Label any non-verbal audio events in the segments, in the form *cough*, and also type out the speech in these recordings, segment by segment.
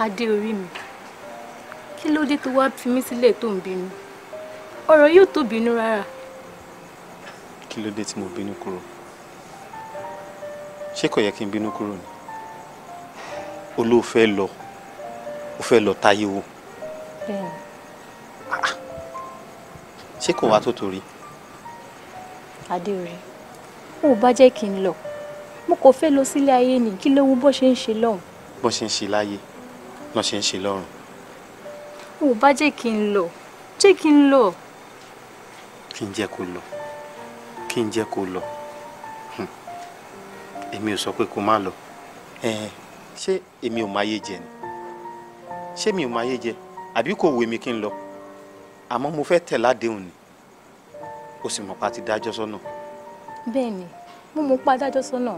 adé orí mi kí ló dé tó wá fi mí sílẹ̀ tó ń bínú ọ̀rọ̀ yóò tó bínú rárá. kí ló dé tí mo bínú kúrò ṣé kò yẹ kí n bínú kúrò ni olóò fẹ́ lọ ó fẹ́ lọ táyé wò ah, ah. ṣé kò wá tó torí. adé orí ó bá jẹ́ kí n lọ mo kò fẹ́ lọ sílé ayé ni kí ló bó ṣe ń ṣe lọ́hùn. bó ṣe ń ṣe láyé lọ́ ṣe ń ṣe lọ́rùn. ò bá jẹ́ kí n lọ jẹ́ kí n lọ. kí n jẹ́ kó lọ kí n jẹ́ kó lọ èmi ò sọ pé kó má lọ ṣé èmi ò máa yé jẹ ni ṣé mi ò máa yé jẹ àbí kò wù mí kí n lọ àmọ́ mo fẹ́ tẹ̀ ládéhùn ni o sì mọ̀ pa ti dájọ́ sọ́nà. bẹ́ẹ̀ ni mo mọ̀ pa dájọ́ sọ́nà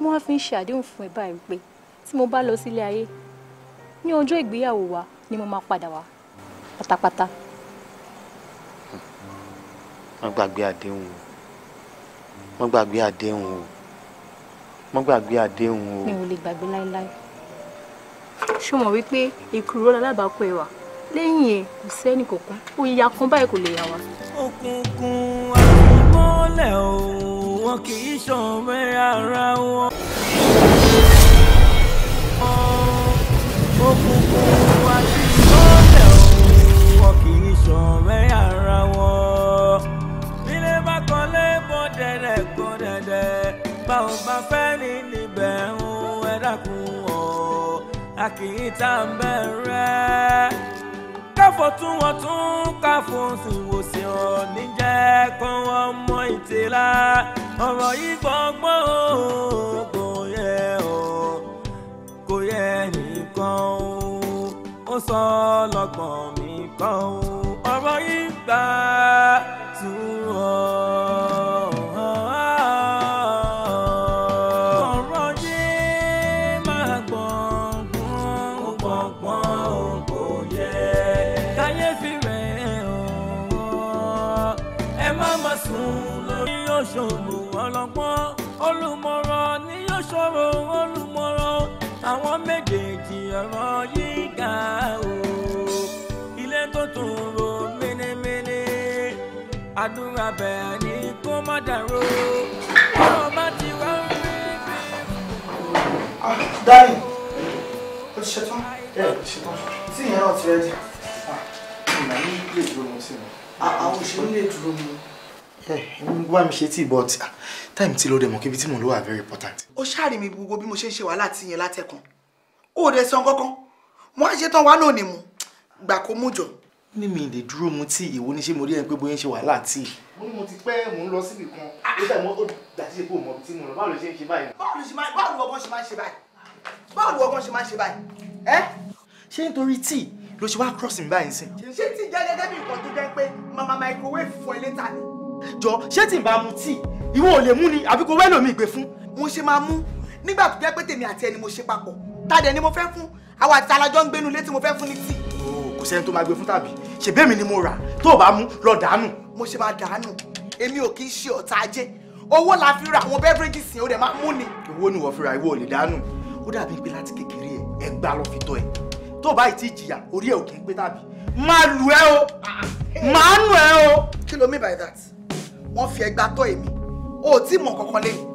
mo wá fi ń ṣe àdéhùn fún ẹ báyìí pé tí mo bá lọ sílé ayé ní ọjọ́ ìgbéyàwó wa ni mo máa padà wá pátápátá. wọ́n gbàgbé àdéhùn o wọ́n gbàgbé àdéhùn o wọ́n gbàgbé àdéhùn o. mi ò lè gbàgbé láéláé. ṣé o mọ̀ wípé èkúrò lálábàákú ẹ̀ wà lẹ́yìn ẹ̀ kò sẹ́ni kọ̀ọ̀kan òyìnbá kan báyìí kò lè yà wá. òkùnkùn àgbọ̀nlẹ̀ o wọn kì í ṣọ̀rẹ́ ara wọn. ọ̀rọ̀ yìí gbọ́ngbọ́n o kò yẹ o kò yẹ nìkan o ó sọ àdúrà bẹ̀ẹ̀ ni kó má dàrú ọ̀rọ̀ bá ti wá rí bí. dáì ó ti ṣetán ẹ ó ti ṣetán tí ìyẹn náà ti rẹ jẹ ìgbà ní lè dúró mu sí mi. Ah, àwọn òṣèré lè dúró mu. ẹ eh, wá mi ṣe tíì but ah, time tí ló dẹ̀ mọ̀ kí ibi tí mò ń lọ wà very important. ó ṣáàrì mi gbogbo bí mo ṣe ń ṣe wàhálà tí yẹn látẹ̀kàn ó dẹ̀ san kankan mo á ṣe tán wàá náà ni mu gbà kó mú jọ ní mi lè dúró mu tí ìwọ ní ṣé mo rí ẹni pé bóyá ń ṣe wàhálà tí. mo ní mo ti pẹ́ mò ń lọ síbì kan ó dàbí ó dàtí ṣe pé òun mọ̀ tí mo lọ báwo ló ṣe ń ṣe báyìí. báwo ló ṣe máa báwo ló ọgbọ́n ṣe máa ń ṣe báyìí báwo ló ọgbọ́n ṣe máa ń ṣe báyìí ẹ́. ṣé nítorí tíì ló ṣe wá cross mi báyìí sìn. ṣé tíì jẹ́ gẹ́gẹ́ bí nǹkan tó jẹ́ pé mama microwave fún ilé ta ni. jọ ṣé tí n bá mu tíì ìwọ ò lè mú ni àbí kò wẹ́lò mi ìgbé fún. mo ṣe máa mú nígbà tó jẹ́ pé tèmi àti ẹni mo ṣe papọ̀ tàdé ni mo fẹ́ fún àwọn àti alájọ ń gbénu létí mo fẹ́ fún ní tíì kò sẹ́ni tó máa gbé fún tàbí ṣèbẹ́mi ni mo rà tó o bá mú lọ dànù. mo ṣe máa dànù èmi ò kì í ṣe ọ̀tá ajé owó la fi ra àwọn beverages yẹn ó dẹ̀ máa mú ni. owó ni wọ́n fi ra ìwọ ò lè dànù ó dàbí pé láti kékeré ẹ ẹgbà lọ fi tọ́ ẹ tó o bá ì tí ì jìyà orí ẹ ò kì í pé tàbí máa lù ẹ o máa nù ẹ o. kí ló mean by that wọ́n fi ẹgbà tọ́ èmi o ò tí ì mọ̀ kankan lẹ́yìn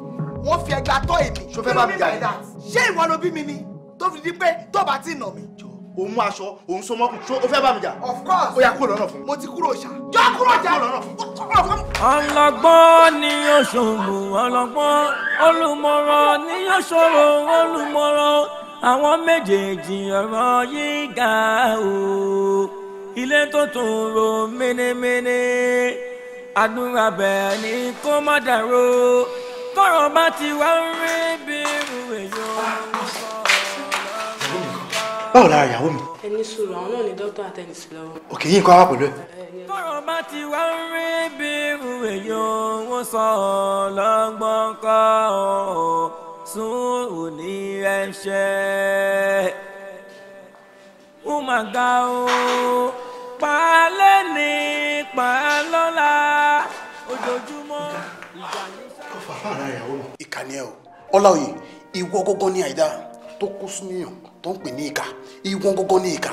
wọ́n fi ẹgbà tọ́ èmi kí ló mean by that ṣé ìwọ ló bí mi ni tó fi di pé tó òun mú aṣọ òun so mọ́kùn so o fẹ́ bá mi jà. of course ó yá kúrò lọ́nà fún mo ti kúrò ṣá. jọ kúrò jà ọlọ́gbọ́n ni yóò ṣòro ọlọ́gbọ́n olùmọ̀rọ̀ ni yóò ṣòro àwọn méjèèjì ọ̀rọ̀ yìí ga o ilé tó tún ro ménéméné àdúrà bẹ́ẹ̀ ni kó má dàrú tọrọ bá ti wá ń rí bí irú èèyàn báwo lára ìyàwó mi. ẹni sùúrù àwọn náà ni dókítà àtẹnìsí lọ́wọ́. òkè yín kọ́ wá pẹ̀lú ẹ. tọrọ bá ti wá ń rí bí èèyàn wọn sọ lọ́gbọ́n kọ́ sùúrù ní ẹ̀ṣẹ̀ ó mà ga o pàálẹ̀ ní pàálọ́lá ojoojúmọ́ ìjà ìkànnì ẹ o ọláòyè ìwọ gógó ní àìdáa tó kó sínú èèyàn tó ń pè ní ìkà ìwọ̀n gọ́gọ́ ní ìkà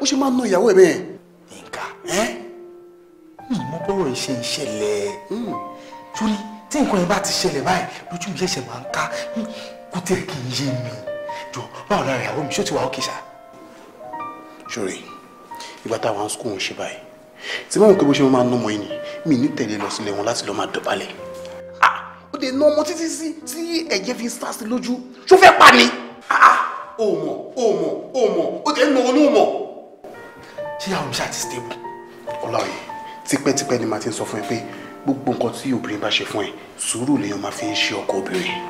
ó ṣe máa ń ná ìyàwó ẹ̀ bẹ́ẹ̀. ìkà ìmọ̀bọ̀rọ̀ hmm, ìṣe ìṣẹ̀lẹ̀ torí hmm. tí nǹkan yẹn bá ti ṣẹlẹ̀ báyìí lójú mi ṣẹ̀ṣẹ̀ máa ń ká kúté kì í yé mi jọ báwo lára ìyàwó mi ṣó ti wà ókè ṣá. ṣòro ìgbà táwọn skul ń ṣe báyìí tí báwọn kébó ṣe máa ń ná ọmọ yìí mi ní tẹ̀lé lọ sílé wọn láti lọ́ọ́ máa dọ̀bálẹ̀ ó dé ná ọmọ títí sí tí ẹ̀jẹ̀ fi ń sá sí lójú ṣó fẹ́ pa ni. ó ah, ah, mọ̀ ó mọ̀ ó mọ̀ ó dé ná olú mọ̀. ṣé àwọn ọmọọṣẹ́ àti stable ọlọ́run tipẹ́tipẹ́ ni màá ti ń sọ fún ẹ pé gbogbo nǹkan tí obìnrin bá ṣe fún ẹ sùúrù lèèyàn máa fi ń ṣe ọkọ obìnrin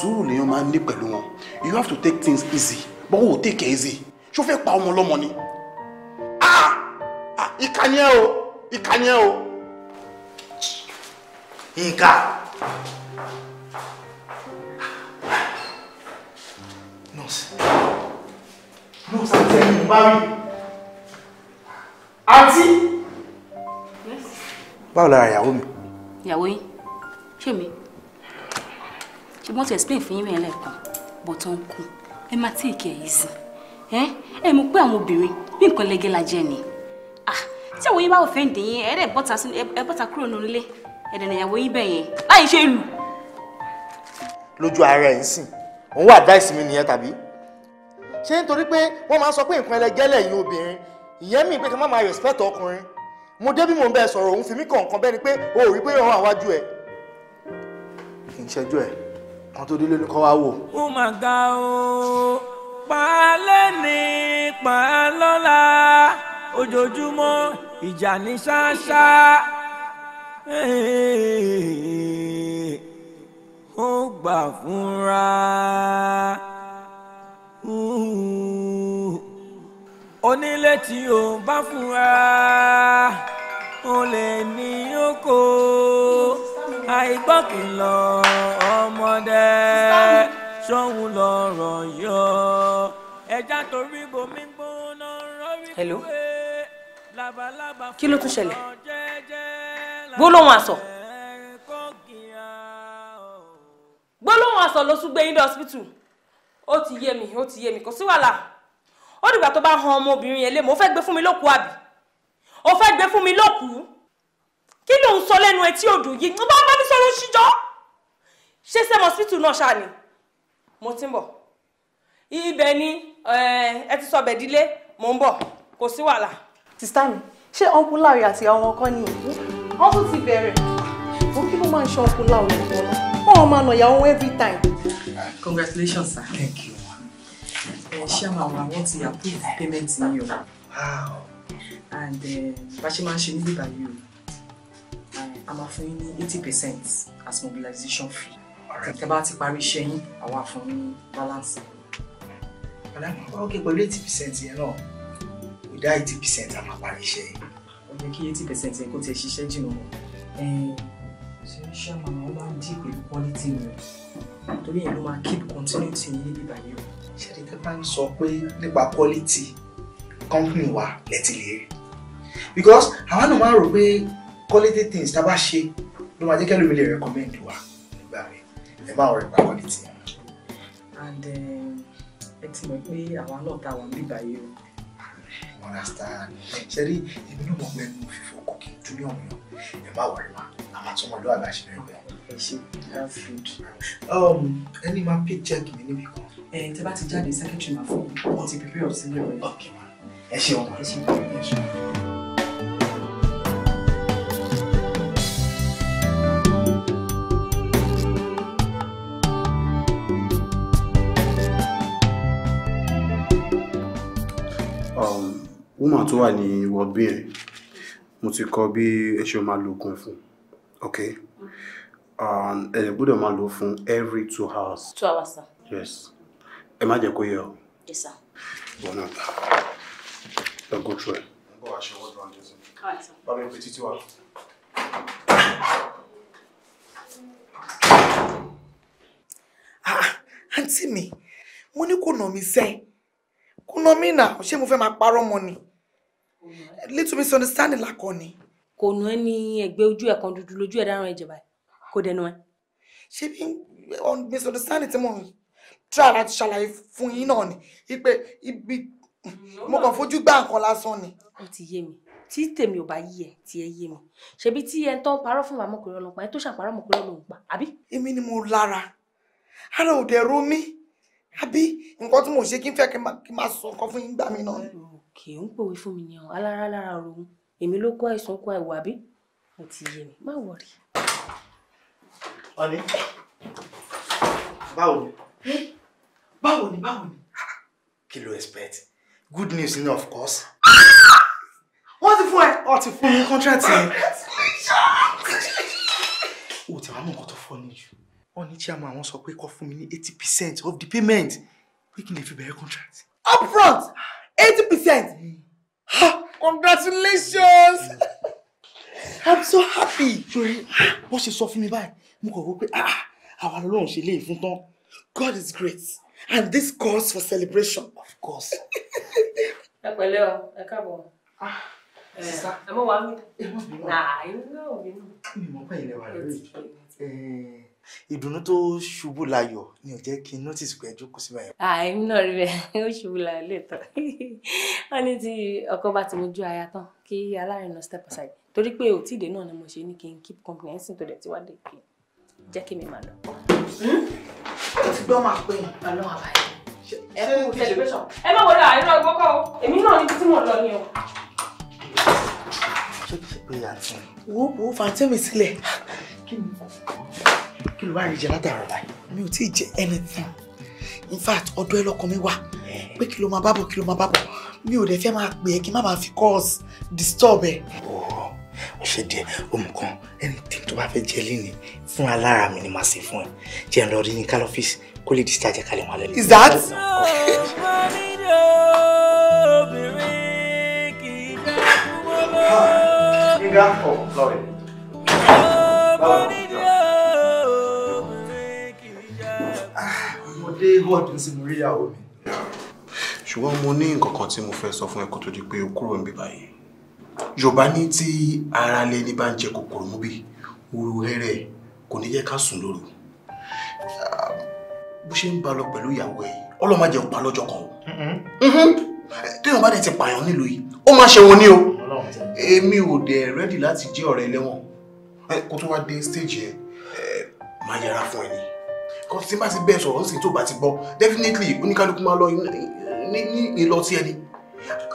sùúrù lèèyàn máa ń ní pẹ̀lú wọn you have to take things easy but o take it easy ṣó fẹ́ pa ọmọ ọlọ́mọ ni ah, ìkànnì ẹ o ìkànnì ẹ o. nǹkan nọ́ọ̀sì nọ́ọ̀sì àti ẹni mo bá rí àti. báwo lára ìyàwó mi. ìyàwó yín ṣé mi ṣe mo ti explain fún yín rẹ̀ lẹ́ẹ̀kan bọ̀tán kù ẹ máa tí ìkẹ́ yìí sí ẹ mú pé àwọn obìnrin bí nǹkan lẹ́gẹ́ la jẹ́ ni ah, tí àwọn yín bá wò fẹ́ ǹdẹ̀yìn ẹ̀ẹ́dẹ̀ bọ́ta kúrò nínú ilé ẹ̀dẹ̀ nìyàwó yìí bẹ̀ yẹn láì ṣe lù. lójú ara ẹ̀ ń sìn òun wà advice mi nìyẹn tàbí ṣé nítorí pé wọ́n máa sọ pé nǹkan ẹlẹgẹ́lẹ̀ yìí obìnrin ìyẹn mi pé kí n má máa respect ọkùnrin mo débí mò ń bẹ sọ̀rọ̀ òun fi mí kọ̀ọ̀kan bẹ́ni pé o ò rí pé òun àwájú ẹ̀ kì í ṣẹ́jú ẹ̀ kan tó délé ní wá wò. ó mà ga o pàálẹ̀ ní pàálọ́lá ojoojúmọ́ ìjà ní ṣáṣá ó gbà fúnra onílé tí ò bá fúnra olè ní oko àìgbọ́kìlọ̀ ọmọdé ṣọ́hun lọ́rọ̀ yọ ẹja torí bomi gbóná rọ́rí pé labalábá fún ọ gbólóhùn àsọ gbólóhùn àsọ ló tún gbé yín dé hospital ó ti yé mi ó ti yé mi kò sí wàhálà ó dìgbà tó bá han ọmọbìnrin yẹn lé mo fẹ́ gbé fún mi lókù àbí ó fẹ́ gbé fún mi lókù kí ló ń sọ lẹ́nu etí odò yìí mo bá bá mi sọ̀rọ̀ síjọ́ ṣé sẹ́mu hospital náà ṣáà ni mo ti ń bọ̀ ibẹ̀ ni eh, ẹ ti sọ bẹ̀dílé mo ń bọ̀ kò sí wàhálà. tìsítà mi ṣé ọkùnrin láàrin àti àwọn ọkọ nìyí wọ́n tún ti bẹ̀rẹ̀ ṣùgbọ́n kí ló máa ń ṣe ọkọ láwọn ẹ̀kọ́ náà wọ́n máa nà ìyàwó every time. congratulations sir. thank you. ẹ ṣé àwọn àwọn àwọn ti approve payment yín o. wow. and eh, bá ṣe máa ń ṣe níbi báyìí o eh, a máa fún yín ní eighty percent as mobilization fee. tẹ bá ti parí iṣẹ́ yín àwa fún yín balance. ọ̀la ok pẹ̀lú eighty percent yẹn náà without eighty percent a máa parí iṣẹ́ yín ó yẹ kí eighty percent yẹn kó tiẹ̀ ṣiṣẹ́ jìnnà mọ́ ṣe ń ṣe àmàmà ó máa ń dí pẹ̀lú quality mi torí yẹn ló máa keep continuity yín níbi ìbàyẹ̀ o. ṣẹ́ni tẹ́ bá ń sọ pé nípa quality company wa lẹ́tì lè rí because àwa náà máa rò pé quality things tá a bá ṣe ló máa jẹ́ kí ẹlòmíì recommend wa nígbà rẹ̀ ẹ máa rọ̀ nípa quality. and eh, ẹ ti mọ̀ pé àwa náà ta wà níbi ìbàyẹ̀ o understand ṣe rí èmi náà mọ̀ pé ẹnu fífọ kò kí n dúró ọ̀hún yàn ẹ má wọ̀rẹ́ wa a máa tún mọ̀ lọ́wọ́ àbá ṣe bẹ̀rẹ̀ bẹ̀rẹ̀. ẹ ṣe health um, check mi níbi kan. ẹ tẹ bá ti secretary máa fún mi wọn ti prepare ọtí lẹwẹ. ok ma ẹ ṣeun. ẹ ṣeun. woman tó wà ní wọ́ọ̀bí yẹn mo ti kọ́ bí ẹ ṣe máa lo oògùn fún ok ẹ lè gbọ́dọ̀ máa lo fún every two hours. two hours sir. yes ẹ má jẹ́ kó yẹ o. yes sir. wọn náà ta don go through ẹ. n bọ aṣọ wọ́ọ̀dù àǹdí sí. bá mi pe títí wa. Ah, àǹtí mi mo ní kò nà mí sẹ́yìn kò nà mí nà ṣé mo fẹ́ máa parọ́ mọ́ ni little misunderstanding la kọ ni. kò nù ẹ́ ní ẹgbẹ́ ojú ẹ̀ kan dúdú lójú ẹ̀ dáràn ẹ̀jẹ̀ báyìí kò dẹnu ẹ̀. ṣé bí misunderstanding tí mò ń try láti ṣàlàyé fún yín náà ni wípé ibi mo kàn fojú gbá nǹkan lásán ni. ó ti yé mi tí tèmi ò bá yí ẹ tí ẹ yé mi ṣebí tí ẹ ń tọ́ parọ́ fún màmá ọkùnrin ọlọ́pàá ẹ tó ṣàparọ́ ọmọkùnrin ọlọ́pàá àbí. èmi ni mo lára ara ò dẹ̀ ro mí àbí nǹkan tí mo ṣe kí n fẹ́ kí n máa sọ ọkọ fún yín gbà mí náà kì í ń pòwe fún mi ni ọ alára lára rohun èmi ló kọ àìsàn kọ àìwà bí mo ti yé mi má wọrí. ọ̀nì báwo ni hm? báwo ni báwo ni. kí ló expect good news ni of course. wọ́n ti fún ẹ. ọ ti fún mi contract yẹn. o ti wá mọ nǹkan tó fọ́ ni jù wọ́n ní chairman àwọn sọ pé kó fún mi ní eighty percent of the payment pé kí n lè fi bẹ̀rẹ̀ contract. upfront eighty percent ha congratulations *laughs* i'm so happy. ṣòye what ṣe saw fún me by? mo kàn wọ́n pé ah, ah, àwa ló ń ṣe léyìí God is great and this calls for celebration of course. *laughs* ẹ pẹ̀lẹ́ Ah, eh, sister, káàbọ̀ ẹ mọ̀ eh, wá mi. ẹ mọ̀ bí wọ́n. ẹ mọ̀ bí wọ́n. mi mọ̀ pé ilẹ̀ wà ìdùnnú tó ṣubú layọ̀ ni ò jẹ́ kí n notice pé ẹjọ́ kò sí báyìí. àìmú ah, náà rí bẹ́ẹ̀ *laughs* ó ṣubú layọ̀ lóòótọ́ *laughs* wọ́n ní tí ọkọ bá ti mojú aya tán kí alárinà step aside torí pé òtíde náà ni mo ṣe ní kí n keep company ẹ̀sìn tó dẹ̀ ti wá dé kí n jẹ́ kí mi máa lọ. Hmm? o ti gbọ́ máa pè é ọlọ́run àbáyé. ẹ kú celebration. ẹ má wọlé àìrọ ìgbọ́kọ̀ o èmi náà níbi tí mò ń lọ ni o. ṣé kìí ṣe pé àǹtí. wo wo fàǹtí mi sílẹ̀. kí ni kí ló bá ń jẹ látàrọ báyìí. mi ò tí ì jẹ anything in fact ọ̀dọ̀ ẹ lọkàn mi wà pé kí ló máa bá bọ̀ kí ló máa bá bọ̀ mi ò dẹ̀ fẹ́ máa pè é kí má máa fi cause disturb ẹ. ooo o ṣe díẹ̀ o anything tó bá fẹ́ jẹ lẹ́ni fúnra lára mi ni màá ṣe fún ẹ jẹ́ ń lọ rí ní kálọ́fíìsì kó lè dísítà jẹ́ wọn lẹ́nu. is e that. Ah, Inga, oh, sorry. Báwo? dé họ́ọ̀dù sí mo rí ìyàwó mi. ṣùgbọ́n mo ní nǹkan kan tí mo fẹ́ sọ fún ẹ kó tó di pé o kúrò níbí báyìí yorùbá ní tí ara lé ní bá ń jẹ kòkòrò mú bí ooru rẹ́rẹ́ kò ní jẹ́ ká sùn lóru bó ṣe ń bá lọ pẹ̀lú ìyàwó ẹ̀ ọlọ́mọ jẹ́ òpá lọ́jọ́ kan mm-hmm. téèyàn bá dẹ̀ ti pààyàn nílùú yìí ó máa ṣe wọn ní o èmi ò dẹ̀ rẹ́dì láti jẹ́ ọ̀rẹ́ ẹlẹ́wọ̀n kó tó wá dé stage yẹn máa yẹra fún ẹni kan tí n bá ti bẹ́ẹ̀ sọ̀rọ̀ sì tó bá ti gbọ́ definitely oníkálukú máa lọ ní ìlọ tí ẹni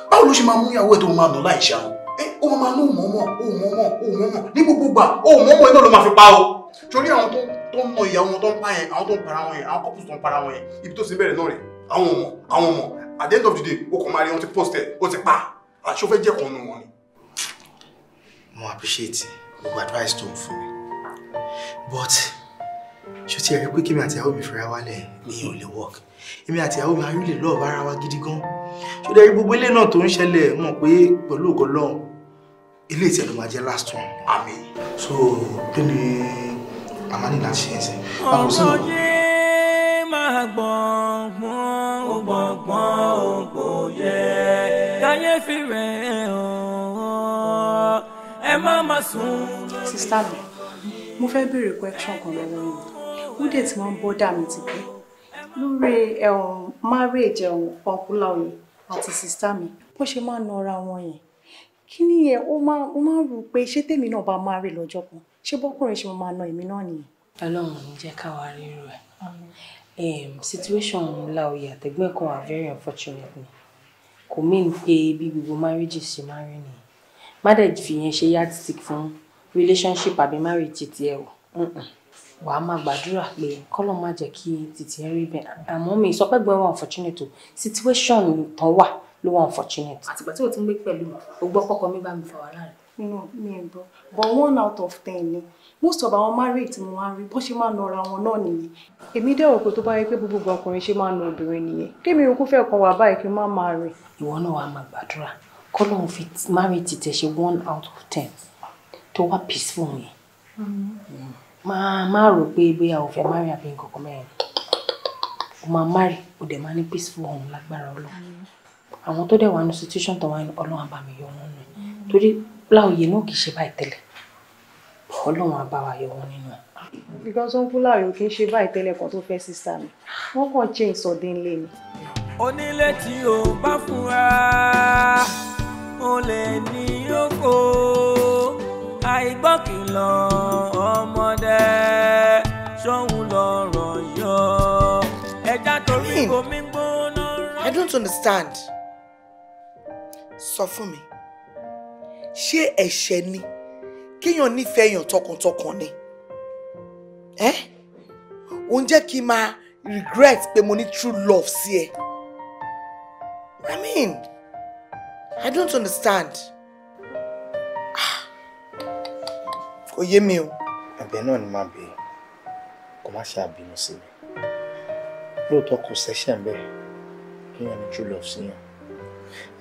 báwo ló ṣe máa mú ìyàwó ẹ̀ tó máa nà láì ṣàwọn ó máa ní òmọ́mọ́ òmọ́mọ́ òmọ́mọ́ ní gbogbo gbà òmọ́mọ́ iná ló máa fi pa o torí àwọn tó ń mọ ìyàwó wọn tó ń pa yẹn àwọn tó ń para wọn yẹn àwọn couples tó ń para wọn yẹn ibi tó ti bẹ̀rẹ̀ náà rẹ̀ àwọn ọmọ àwọn ọmọ at the end of the day o kò máa rí wọn ti post ẹ o ti pa àṣọ fẹ́ jẹ́ kan nù wọn ni. mo appreciate gbogbo advice tó ń fún mi but ṣó ti ẹ̀rí pé kémi àti ìyàwó mi fẹ́ra wálẹ̀ ìyẹn ò lè work èmi àti ìyàwó mi ayúlè lọ́ọ̀ ara wa gidi gan ṣó dẹ́rí gbogbo ilé náà tó ń ṣẹlẹ̀ mọ̀ pé pẹ̀lú ògo lọ́hùn ilé ìtẹ̀ ló máa jẹ́ last one àmì so kí ni màmá nílá ṣe é sẹ́. ọmọdé máa gbọ̀ngbọ̀n ó gbọ̀ngbọ̀n ó gbòye káyéfì rẹ̀ ọ̀ ẹ má má sùn. sista mi mo fẹ́ béèrè question kan lọ́wọ́ yìí dẹ̀ tí wọ́n ń bọ́dà mi ti pẹ́ lórí ẹ̀wọ̀n márèèjì ẹ̀wọ̀n pọ̀npúlà òye àti sìstá mi bó ṣe máa ń nọra wọn yẹn kí ni ẹ ó máa ó máa rò pé ṣé tèmi náà bá máa rè lọ́jọ́ kan ṣé bọ́kùnrin ṣe mo máa na èmi náà nìyẹn. ọlọ́run ń jẹ́ káwa rírò ẹ̀ situation ńlá òye àtẹ̀gbẹ́ kan wà very unfortunate ni kò mean pé bí gbogbo marriage ṣe máa rí nìyẹn má dẹ̀ fi yẹn ṣe yardstick fún relationship àbí marriage ti tiẹ̀ o wàá máa gbàdúrà pé kọ́lọ́ má jẹ́ kí títí ẹ rí bẹ́ẹ̀ àmọ́ mi sọ pé gbọ́n wà unfortunate situation tán wà ló wà unfortunate. àtìgbà tí mo ti ń gbé pẹ̀lú o gbọ́ kọ́kọ́ mi bá mi fà wá láàrin. inú mi ò gbọ́ but one out of ten ni most of àwọn married tí mo máa ń rí bó ṣe máa ń nọra wọn náà nìyí. èmi dẹ́wọ̀ pé tó bá yẹ pé gbogbo ọkùnrin ṣe máa ń na obìnrin nìyẹn kémi ìrúkú fẹ́ kan wà báyìí kí n má máa rìn. ìwọ náà wàá máa gbàdúrà kọ́lọ́hún fi married títẹ̀ ṣe one out of ten tó wà peaceful yẹn máa má rò pé bóyá o fẹ́ marry àbí nǹkan kan mẹ́rin o máa marry o dẹ̀ máa ní peaceful home lágbára ọlọ́run àwọn tó dẹ̀ wà ní situation tó wà ní ọlọ́run àbá mi yọ wọn nù torí láòyè náà kì í ṣe báyìí tẹ́lẹ̀ ọlọ́run àbá yọ wọn nínú ẹ̀. because wọn kú láàyò kì í ṣe báyìí tẹ́lẹ̀ kan tó fẹ́ sister mi wọ́n kàn change suddenly ni. onílé tí o bá fura o lè ní yókò àìgbọ́kìlọ̀ ọmọdé ṣóhun lọ̀rọ̀ yọ ẹja torí hmm. omi gbóná rán. I don't understand. sọ fún mi ṣé ẹ̀ṣẹ̀ ni kéèyàn nífẹ̀ẹ́ èèyàn tọkàntọkàn ni ẹ ò ń jẹ́ kí n máa regret pé mo ní true love sí ẹ I mean I don't understand. kò yé mi o. ẹ̀bẹ̀ náà ni màá bèè kó má ṣe àbínú sí mi lóòótọ́ kò sẹ́ṣẹ̀ ń bẹ̀ kíyàn ní true love síyàn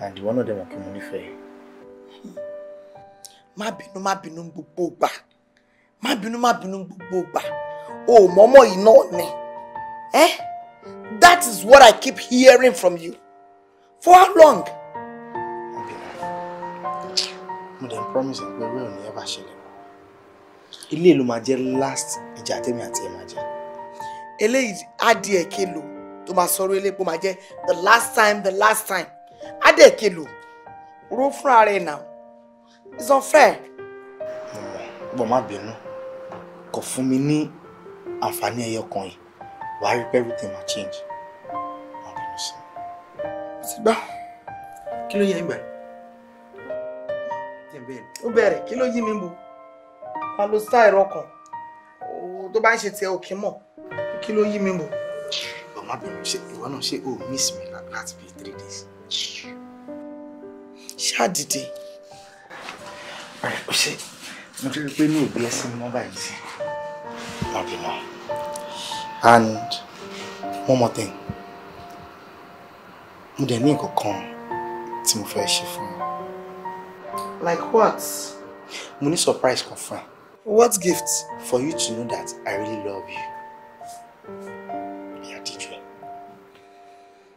and ìwọ náà dẹ̀ mọ̀ kí mo nífẹ̀ẹ́. má bínú má bínú gbogbo ìgbà má bínú má bínú gbogbo ìgbà o ò mọ́mọ́ yìí náà ni eh? that is what I keep hearing from you for how long. mo dẹ̀ promise pé wíwọ̀n ni ẹ bá ṣẹlẹ̀ eléyìí ló máa jẹ́ last ìjà tèmi àti ẹ̀ máa jẹ́. eléyìí adìẹ kelo tó máa sọ̀rọ̀ eléyìí pé máa jẹ́ the last time the last time adìẹ kelo ro fúnra rẹ̀ nà it's unfair. mo mọ̀ bọ́ má bínú kò fún mi ní àǹfààní ẹyọ kan yìí wàá rí pé everything ma change má bínú sí i. ti gbá kí ló yẹ ìgbà yìí. ó bẹ̀rẹ̀ kí ló yí mi bò máa lo style ọkàn tó bá ń ṣe tiẹ̀ òkè mọ̀ kí ló yí mi bò. ọmọ bẹ̀rù ṣe ìwọ náà ṣe ò miss mi láti bíi three days. ṣáàdìdì. ọ̀rẹ́ ṣe mo ti rí pé ní òbí ẹsìn mọ́ báyìí sí not be more and one more thing mo dẹ̀ ní nǹkan kan tí mo fẹ́ ṣe fún mi. like what. mo ní surprise kan fún ẹ. What gift for you to know that I really love you? Yeah, did you?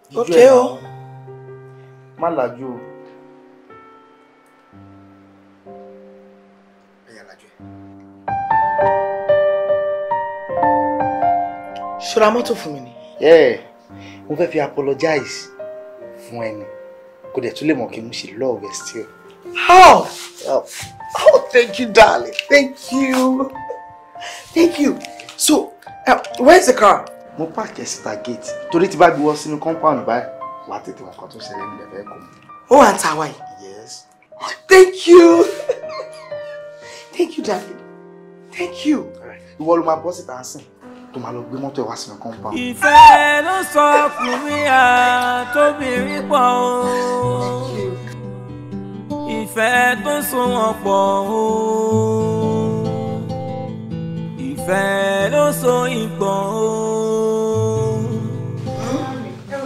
Did okay, oh. Má lajú o. Ṣọ́ra mọ́tò fún mi ni. Yeah, mo fẹ́ fi apologize For me. Kò dẹ̀ tún lè mọ̀ kí n love ẹ̀ still. How? Oh. Thank you, darling. Thank you. Thank you. So, uh, where's the car? Mo park ẹ̀ síta gate. Torí tí bá gbé wọ sínú compound báyìí, wàá tètè wà kan to ṣẹlẹ̀ nílẹ̀ fẹ́ kù. Ó wà ń ta Yes. Thank you. Thank you, darling. Thank you. Ìwọ ló máa bọ́ síta sìn tó máa lọ gbé mọ́tò ẹ̀ wá sínú compound. Ìfẹ́ ló sọ ọkùnrin àtòbìnrin pọ̀ o. Thank you ìfẹ́ tó so wọn pọ̀ o ìfẹ́ ló so ìpọ̀ o. nígbà tó ń kó pẹ́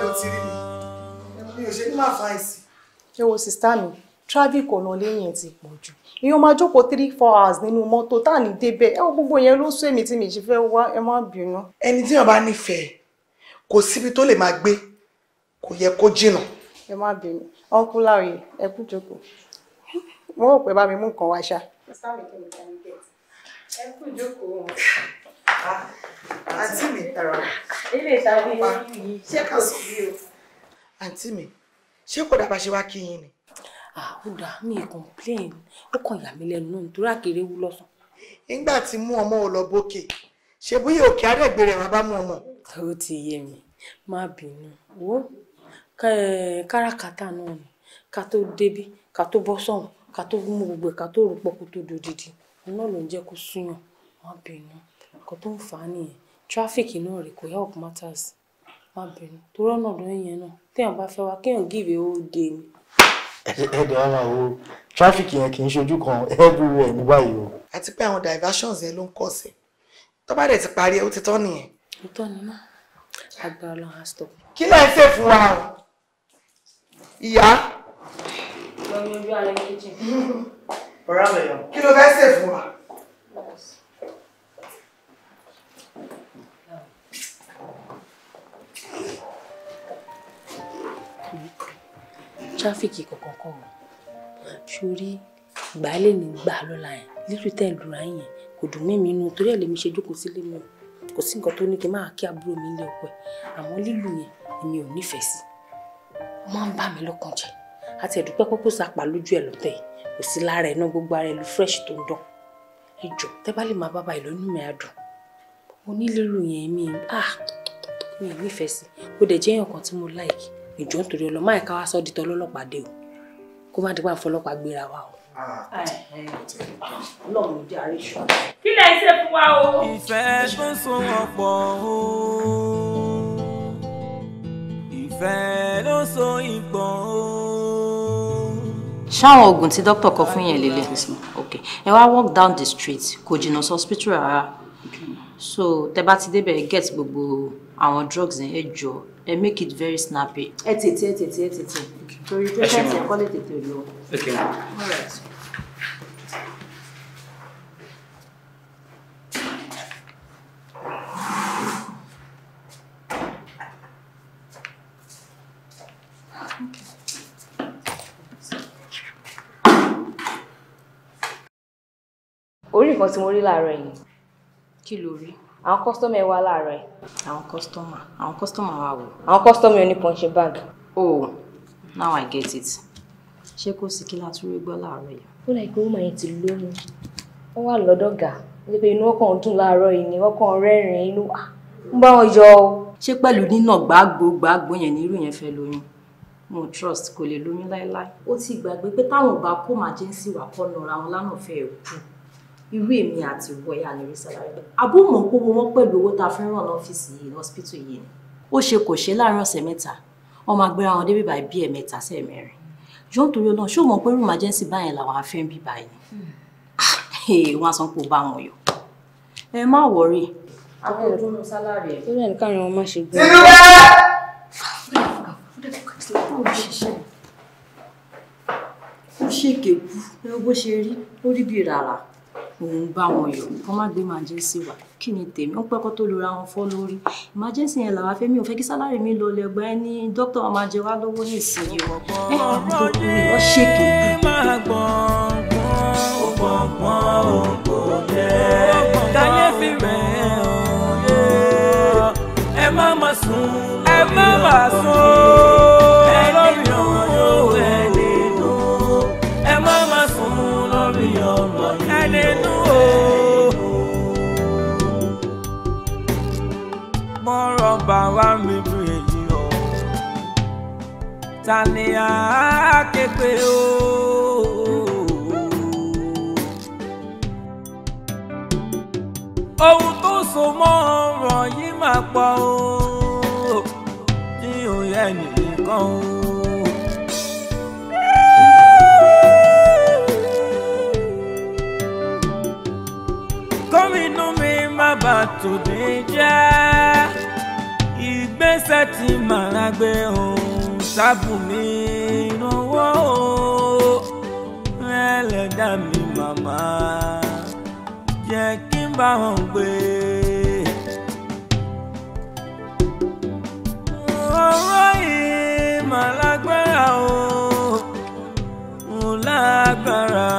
tó ti rí mi mi ò ṣe ní máa fa ìsìn. ẹ wo sista mi traffic ọ̀nà lẹ́yìn ẹ̀ ti pọ̀ jù èèyàn máa jókòó three four hours nínú mọ́tò tá à ní débẹ̀ ẹ wo gbogbo yẹn ló sún èmi tí mi ṣe fẹ́ wá ẹ má bínú. ẹni tí wọn bá nífẹ̀ẹ́ kò síbi tó lè máa gbé kò yẹ kó jìnà. ẹ má bínú ọkùnrin láòyè ẹ kú jókòó wọn ò pẹ bá mi mú nǹkan wá ṣá. ẹ kú jókòó ah, àǹtí mi tara ilé ìtàgé yìí ṣé kà sọ o. àǹtí mi ṣé kò dábàá ṣe wá kí yín ni. àwùdà ah, mi ì complain ó kàn yà mí lẹ́nu náà nítorí àkèrè wú lọ́sàn. nígbà tí mú ọmọ ò lọ bókè ṣe bóyá òkè àdẹ̀gbẹ̀rẹ̀ wọn bá mú ọmọ ó ti yé mi má bínú wo káràkátà náà ni ká tó débí ká tó bọ́ sọ̀hún ká tó mú gbogbo ká tó rúpọ̀ kó tó dòdìdì òun náà ló ń jẹ́ kó súyàn má bínú nǹkan tó ń fà á nìyẹn tráfíkì náà rè kò help matters má bínú tó rọ́nà lóyún yẹn náà téèyàn bá fẹ́ wá kéèyàn give a whole day ni ẹ̀dọ̀ ara o traffic yẹn kì í ṣojú kan everywhere ní báyìí o. àti pé àwọn diversions yẹn ló ń kọ̀ sí tó bá dẹ̀ ti parí ẹ ó ti tọ́ nìyẹn òótọ́ ni má agbára ọlọ́run á stop. kí ló ń ṣe fún wa o ìyá. lọ ní ojú ara méjì. ọ̀rọ̀ mi yàn. kí ló fẹ́ ṣe fún wa. tráfíkì kọ̀ọ̀kan kọ̀ wọ́n sórí ìgbàlè ní gbà lọ́la yẹn lítú tẹ̀ lura yẹn kò dùn mí mi nù torí ẹ̀ lèmi ṣe jókòó sílé mi kò sí nǹkan tó ní kí n máa kí àbúrò mi ilé ọkọ ẹ àmọ́ lílù yẹn èmi ò nífẹ̀ẹ́ sí ó máa ń bà mí lọ́kàn jẹ́ àti ẹ̀dùpẹ́ pọ́pọ́ sàpà lójú ẹ̀ lọ́tẹ̀ kò sí lára ẹ̀ gbogbo ara ẹ̀ fresh tó ń dán ẹ jọ tẹ́ bá lè máa bá báyìí lọ́nù mi àdùn onílérò yẹn mi ah mi nífẹ̀ẹ́ sí ó dẹ̀ jẹ́ èèyàn kan tí mo like ìjọ nítorí ọlọ́mọ àìká wa sọ́ di tọ́lọ́lọ́pàá dé o kó má dípà fọlọ́pàá gbéra wa o. Ah, ah, Ọlọ́run jẹ́ àríṣọ. Kí lẹ ṣe fún wa Ṣáwọn oògùn tí dókítà kọ fún yẹn lélẹ̀? Ok. Ẹ wá walk down the street, kò jìnnà sí hospital rárá so tẹ bá ti débẹ̀ get gbogbo àwọn drugs yẹn ẹ jọ ẹ make it very snappy. ẹ tètè ẹ tètè ẹ tètè torí patient ẹ kọ́ lè tètè lọ. orí nǹkan tí mo rí láàárọ̀ yìí kí ló rí. àwọn kọ́sítọ́mù ẹ wá láàárọ̀ ẹ̀. àwọn kọ́sítọ́mù àwọn kọ́sítọ́mù wa wò. àwọn kọ́sítọ́mù ẹ ní punching bag. oh now i get it. ṣé kò sí kí látúrú gbọ́ láàárọ̀ yìí. ó láì pé woman yẹn ti lóyún wọ́n wà lọ́dọ̀ gà ní pé inú ọkàn dùn láàárọ̀ yìí ni ọkàn rẹ́rìn-ín inú wa ah, ń bá wọn yọ ọ. ṣé pẹ̀lú nínà gbàgbó gbàgbó yẹn ní irú yẹn fẹ́ lóyún mo trust kò lè lóyún láéláé. ó ti gbàgbé pé táwọn ò bá kó màjẹ́ńsì wà kọ́ nọra irú èmi àti ìwọ ẹ̀yà lè rí sàlàyé àbó mọ̀ pé wọ́n pẹ̀lú owó tá a fi ń ràn lọ́fíìsì yìí lọ́sípítù yìí ni ó ṣe kò ṣe láàárín ọ̀sẹ̀ mẹ́ta wọ́n máa gbéra wọn débi báyìí bí ẹ̀mẹ́ta sẹ́ẹ̀mẹ́rin jọ ń torí ọlọ́run ṣó mọ̀ pé rúmà jẹ́ǹsì báyẹn làwọn afẹ́ ń bí báyìí hmm. ah, eh, wọ́n á san kó bá wọn yọ ẹ má wọ̀rí. àwọn òdúró sálárì ẹ̀. torí ẹ̀ ní káàrin wọn má ṣe gbé. tìrúbẹ́. ó ṣèkè ẹ bó ṣe rí ó rí bí rárá òun bá wọn yọ kó má gbé emergency wá kí ni tèmi ó pẹ́kọ́ tó lora wọn fọ́ lórí emergency yẹn làwọn afẹ́mi ò fẹ́ kí sálárì mi lọ lẹ́gbẹ́ ẹ ní dókítà wọn máa jẹ wá lọ́wọ́ ní ìsinyìí wọn. ọ̀rọ̀ dé máa gbọ̀ngbọ̀n ó gbọ̀ngbọ̀n ó kò yẹ kàyéfì rẹ̀ ó yẹ ẹ má má sùn lórí ọ̀rọ̀ mi. wá mi lu èyí o ta ni a ké pé o. ohun tó so mọ́ ọ̀rọ̀ yìí máa pọ̀ o ní òye nìkan o. bàtò ní jẹ́ ìgbésẹ̀ tí màá gbé ohun sábùmí ìrànwọ́ ẹlẹ́dà mi màmá jẹ́ kí n bá wọn gbé. ọ̀rọ̀ yìí màá lágbára o mo lágbára.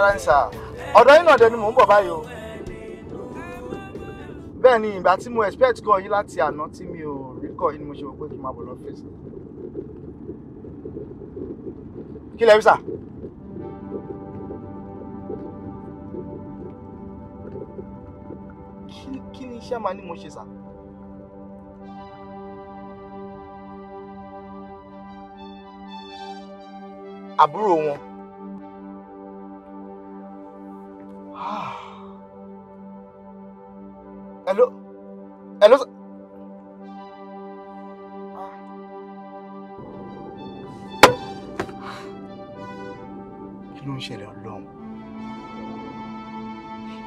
rárá ní sà ọ̀dọ̀ yín náà dẹni mò ń bọ̀ báyìí o bẹ́ẹ̀ ni ìgbà tí mo expect kọ yín láti àná tí mi ò rí kọ yín ni mo ṣe wò pé kí n máa bọ̀ lọ́fíìsì kí lẹ rí sà. kí ni iṣẹ́ máa ní mo ṣe sà. àbúrò wọn. Ah. Hello? Hello? Ah. Kí ló ń ṣẹlẹ̀ ọlọ́run?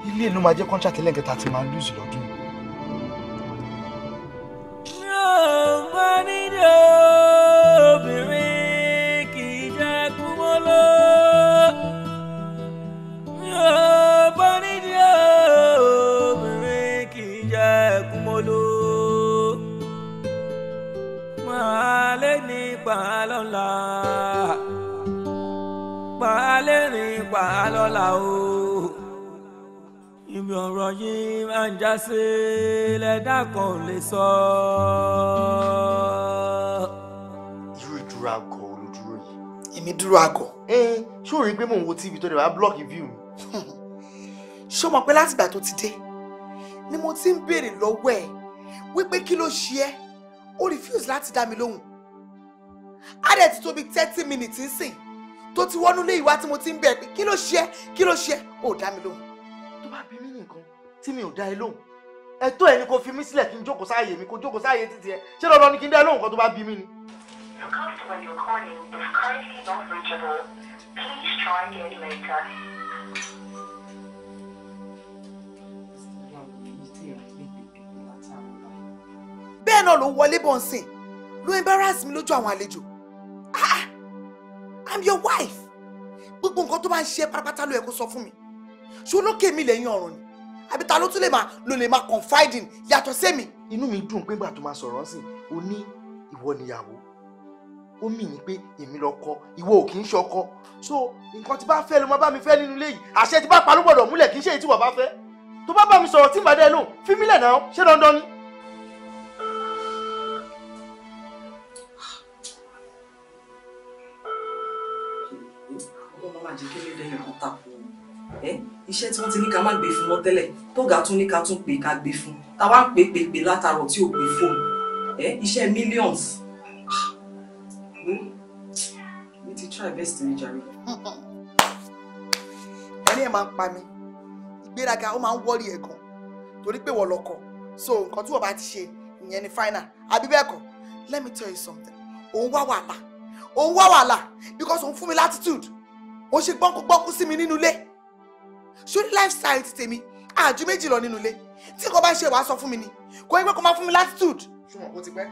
Ilé ìlú máa jẹ́ kọ́ńtà tẹ́lẹ̀ kẹta ti máa lùzì lọ́dún yìí. o ibi ọ̀rọ̀ yìí máa ń já sí lẹ́dá kan ò lè sọ. irú ìdúró àgọ́ wo yìí. èmi dúró àgọ́. ẹ ṣé rí i pé mò ń wo tv tó dẹ̀ bá view mi. *laughs* ṣé o mọ̀ pé látìgbà tó ti dé ni mo ti ń béèrè lọ́wọ́ ẹ̀ wípé kí ló ṣe ẹ́ o refuse láti dá mi lóhùn. a dẹ̀ ti tó thirty minutes ń sìn tó ti wọnú lé ìwà tí mo ti ń bẹ̀ pé kí ló ṣe kí ló ṣe ò dá mi lóhùn. tó bá bí mí nìkan tí mi ò dá ẹ lóhùn ẹ̀tọ́ ẹ ni kò fi mí sílẹ̀ kí n jókòó sáàyè mi kò jókòó sáàyè títí ẹ ṣé dandan ni kí n dá ẹ lóhùn kan tó bá bí mí ni. customer you're calling is currently not reachable. Please try again later. bẹ́ẹ̀ náà ló wọlé bọ̀ ń sìn ló embarrass mi lójú àwọn àlejò. Ah, ah i'm your wife gbogbo nǹkan tó bá ń ṣe pátápátá ló yẹ kó sọ fún mi ṣé olókè mi lẹ́yìn ọ̀run ni àbí ta ló tún lè máa lò lè máa confiding yàtọ̀ sẹ́mi. inú mi dùn pé ìgbà tó máa sọ̀rọ̀ sí o ní ìwọ níyàwó ó mì ní pé èmi lọkọ ìwọ ò kì í ṣọkọ so nǹkan tí bá fẹ́ ló máa bá mi fẹ́ nínú ilé yìí àṣẹ tí bá pa ló gbọ́dọ̀ múlẹ̀ kì í ṣe èyí tí wọ́n bá fẹ́ tó bá bá mi sọ̀rọ̀ tí màdé lò fímílẹ̀ náà ṣé dandan ni. jẹ́ kí lédè yẹn àwọn tàkù iṣẹ́ tí wọ́n ti ní ká má gbé fún wọn tẹ́lẹ̀ tóga tún ní ká tún pè ká gbé fún táwa ń pè pè pè látàrọ̀ tí ò gbé fóònù iṣẹ́ millions ah, mi ti try best mi jàre. ẹni ẹ máa ń pa mi ìgbéraga ó máa ń wọ́ọ̀rì ẹ̀ gan torí pé wọ́n lọ́kọ̀ so nǹkan tí wọ́n bá ti ṣe ìyẹn ni final àbí bẹ́ẹ̀ kọ́ let me tell you something òun wá wàhálà òun wá wàhálà because òun fún mi latitude ó ṣe gbọ́nkúgbọ́nkú sí mi nínú ilé ṣórí lifestyle ti tèmi àjù méjì lọ nínú ilé tí nǹkan bá ṣe wàá sọ fún mi ni kò yẹ pé kó máa fún mi latitude. ṣùgbọ́n kó ti pẹ́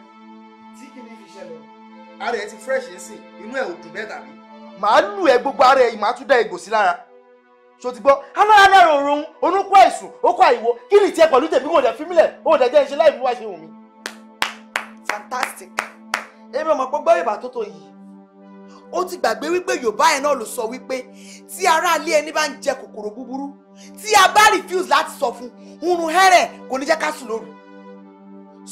tí kìíní fi ṣẹlẹ̀ ara ẹ ti fresh ń sìn inú ẹ ò dùn bẹ́ẹ̀ tàbí. màá lù ẹ gbogbo ara ẹ yìí màá tún dá egbò sí lára ṣó ti gbọ́ alára náà rọrùn onúkú àìsùn okú àìwo kí ni tiẹ̀ pẹ̀lú tèmi kò dẹ̀ fi mílẹ̀ ó dẹ̀ jẹ́ iṣẹ́ láì fi wá ṣe wù mí. fantastic èmi ọmọ gbogbo ìbà tó tó yìí ó ti gbàgbé wípé yorùbá ẹ̀ náà ló sọ wípé tí aráalé ẹni bá ń jẹ kòkòrò búburú tí a bá refuse láti sọ fún hunrun hẹ́rẹ̀ kò ní jẹ́ ká sùn lóru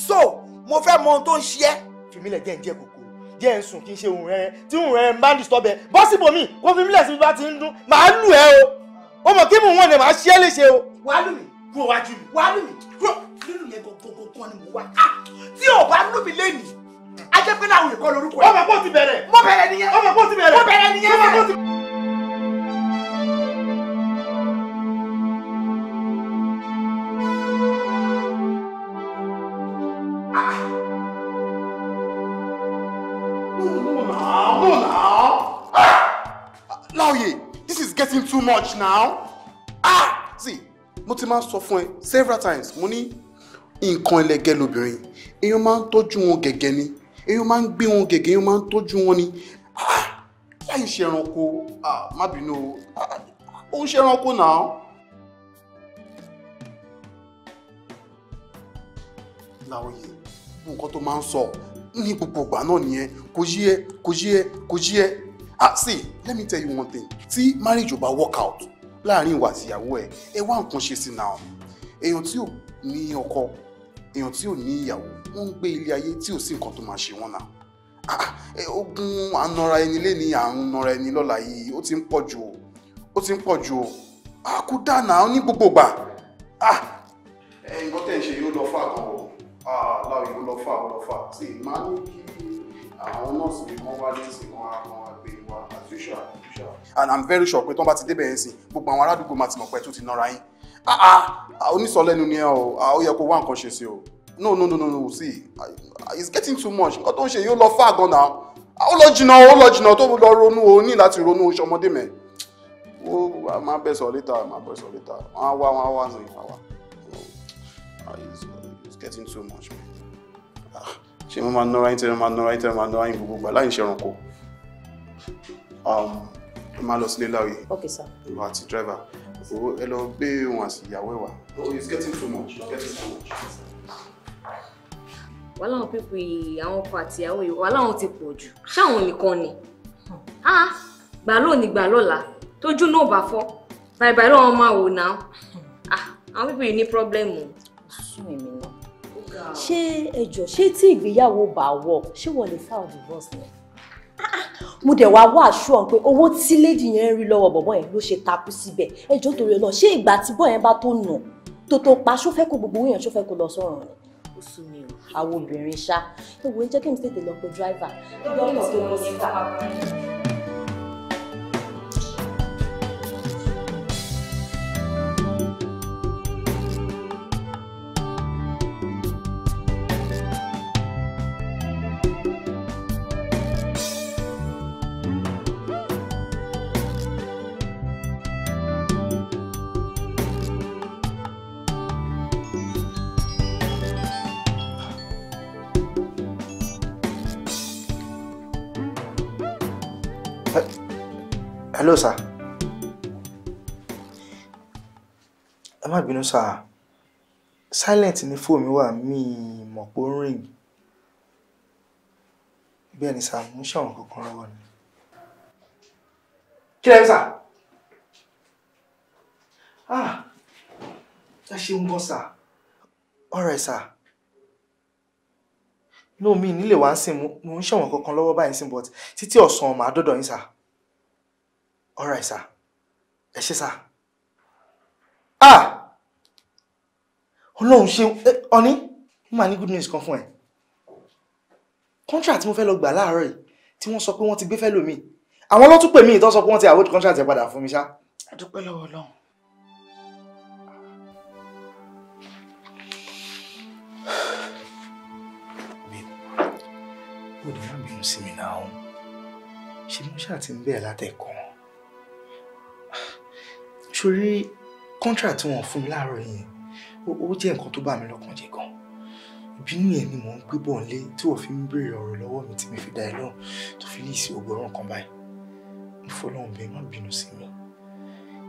so mo fẹ́ mọ ohun tó ń ṣe ẹ́ fìmílẹ̀ jẹ́ ń jẹ kòkòrò jẹ́ ń sùn kí n ṣe hunrun hẹ́rẹ́ tí hunrun hẹ́rẹ́ bá ń disturb ẹ bọ́ síbò mí kó fìmílẹ̀ sí bá ti ń dún màá lù ẹ́ o ó mọ̀ kí mò ń wọ̀n ni màá ṣe é léṣe o. wàá lù mí kúrò wájú mi wàá lù mí o lílù yẹn gọ̀ọ̀gọ̀ọ̀gọ̀ ni mo wá ah! tí ò bá lù mí lénìí ajẹ́ pé láwùjọ kọ́ lórúkọ yìí. ọmọ kò ti bẹ̀rẹ̀. mo bẹ̀rẹ̀ nìyẹn. ọmọ kò ti bẹ̀rẹ̀. mo bẹ̀rẹ̀ nìyẹn. ọmọ kò ti getting too much now. Ah! See, mo ti máa sọ fún ẹ several times mo ní nǹkan ẹlẹgẹ́ lobìnrin èèyàn máa ń tọ́jú wọn gẹ́gẹ́ ni èèyàn máa ń gbé wọn gègé èèyàn máa ń tọ́jú wọn ni ah, láì ṣe ẹranko ah, má bínú o ah, ó ń ṣe ẹranko náà. láòyè nǹkan tó máa ń sọ ní gbogbo ìgbà náà nìyẹn kò yí ẹ kò yí ẹ kò yí ẹ ah see let me tell you one thing tí marriage ò bá work out láàrin ìwà àtìyàwó ẹ ẹ wá nǹkan ṣe sí náà èèyàn tí ò ní ọkọ èèyàn tí ò ní ìyàwó wọ́n ń gbé ilé ayé tí ò sí nǹkan tó máa ṣe wọ́n náà ah, eh, ogun anara ẹni lé ní àrùn nara ẹni lọ́la yìí ó ti ń pọ̀ jù ó ti ń pọ̀ jù àkúdà náà ní gbogbo gbà ah, nǹkan tẹ̀ ń yóò lọ fà gan o ah, láwọn yóò lọ fà lọ fà tí máa ní kí àwọn nọ́ọ̀sì mi kan wá lẹ́sìn kan àwọn wa àtúnṣe àtúnṣe. and i'm very sure pé tí wọ́n bá ti débẹ̀ yẹn sí gbogbo àwọn aládùúgbò máa ti mọ̀ pé tó ti nara yín Ah ah, ah onísọ̀lẹ́nu ni ẹ o ah, ó yẹ kó wá nǹkan ṣe sí o no no no no no see it's getting too much nǹkan tó ń ṣe yìí ó lọ fà gan na ah, ó lọ jìnnà ó lọ jìnnà tó lọ ronú o ní láti ronú oṣù ọmọdé mẹ ó máa bẹ sọ létà máa bẹ sọ létà wọn á wá wọn á wá sí ìwà wa it's getting too much man ṣé mo máa nọra yín tẹ́lẹ̀ máa nọra yín tẹ́lẹ̀ máa nọra yín gbogbo gbà láyìn ìṣẹ̀rùn um, kò ẹ máa lọ sílé láàyè ok sir ìwà àti driver wo ẹ lọ gbé wọn àti ìyàwó ẹ oh it's getting too much it's getting too much. wàhálà àwọn pípé àwọn ọkọ àti ìyàwó yìí wàhálà àwọn ti pọ̀ jù ṣáwọn nìkan ni gbà lónìí gbà lọ́la tójú náà bá fọ́ bàìbàì lọ́wọ́ máa wò náà àwọn pípé yìí ní pírọ́blẹ́mù. sún èmi náà ṣé ẹjọ ṣé tí ìgbéyàwó bá wọ ṣé wọ́n lè file divorce ni mo dẹ̀ wá wá àṣù ọ̀hún pé owó tí lady yẹn ń rí lọ́wọ́ bọ̀bọ̀ yẹn ló ṣe takú síbẹ̀ ẹjọ́ torí náà ṣé ìgbà tí bọ́ yẹn bá tó nà tó tó pa ṣófẹ́ kó gbogbo yẹn ṣófẹ́ kó lọ sọ̀rọ̀ ni. ó sún mi o. àwọn obìnrin ṣá ewu ẹ jẹ́ kí n tètè lọ pe driver. ẹgbẹ́ ọ̀nà tó lọ sí hello sir. ẹ má bínú sir silent ni fóònù mi wà mí mọ̀ pé ó ń rìn bẹ́ẹ̀ ni sir mo ń ṣàwọn kankan lọ́wọ́ ni. sir. ah ẹ ṣeun gan sir. all right sir inú mi nílé wa ń sìn mo ń ṣẹ̀wọ̀n kankan lọ́wọ́ báyìí sìn but títí ọ̀sán màá dọ́dọ̀ yín sà. Alright, sir ẹ ṣé sir ah ọlọ́run ṣe ọní mo máa ní good news kan fún ẹ contract mo fẹ́ lọ gbà láàárọ̀ yìí tí wọ́n sọ pé wọ́n ti gbé fẹ́ lómi àwọn ọlọ́tún pè mí ìtọ́ sọ pé wọ́n ti àwòdì contract ẹ padà fún mi ṣá. a dúpẹ́ lọ́wọ́ ọlọ́run. ó dẹ̀ má bínú sí mi náà ṣe mo ṣáà ti ń bẹ̀rẹ̀ látẹ̀kọ́ sórí contract tí wọ́n fún mi láàárọ̀ yẹn ó jẹ́ nǹkan tó bà mí lọ́kàn jẹ́ gan ìbínú yẹn ni mò ń gbé bọ̀ nílé tí wọ́n fi ń béèrè ọ̀rọ̀ lọ́wọ́ mi tí mi fi dá ẹ lọ́rùn tó fi lè ṣe ògbó kan báyìí mo fọlọ́run bẹ́ẹ̀ má bínú sí mi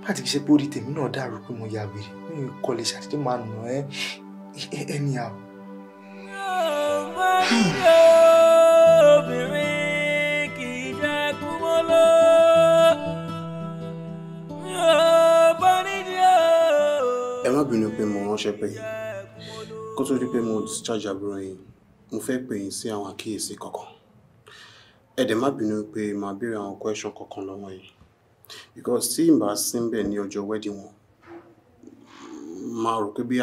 bá ti fi ṣe pé orí tèmi náà dàrú pé mo ya wèrè mi ò kọ́ lè ṣàdédé máa nà ẹ́ anyhow. bínú pé mo ránṣẹ́ pé kó tó di pé mo discharge àbúrò yín mo fẹ́ pè yín sí àwọn àkíyèsí kankan ẹ dẹ̀ má bínú pé màá béèrè àwọn question kankan lọ́wọ́ yín because tí n bá síbẹ̀ ní ọjọ́ wedding wọn máa rò pé bí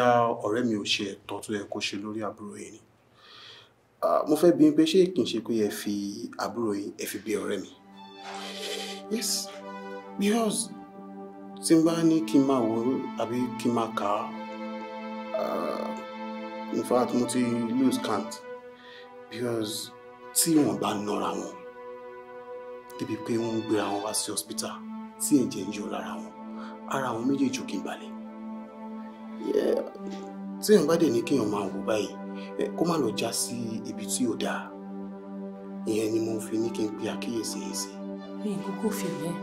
ọ̀rẹ́ mi ò ṣe ẹ̀tọ́ tó yẹ kó ṣe lórí àbúrò yín ni mo fẹ́ bi pé ṣé kì í ṣe pé ẹ fi àbúrò yín ẹ fi bí ọ̀rẹ́ mi yes because tí n bá ní kí n máa wò ó àbí kí n máa kà á uh, in fact mo ti lose count because tí wọn bá nọra wọn débi pé wọn ń gbéra wọn wá sí hospital tí ẹ̀jẹ̀ ń yọ lára wọn ara wọn méjèèjì ò kí n balẹ̀ tí èèyàn bá dẹ̀ ní kéèyàn máa wò báyìí kó má lọ já sí ibi tí ò dáa ìyẹn ni mo fi ní kí n pe àkíyèsí yìí sí. mi ò kúkú fi rẹ̀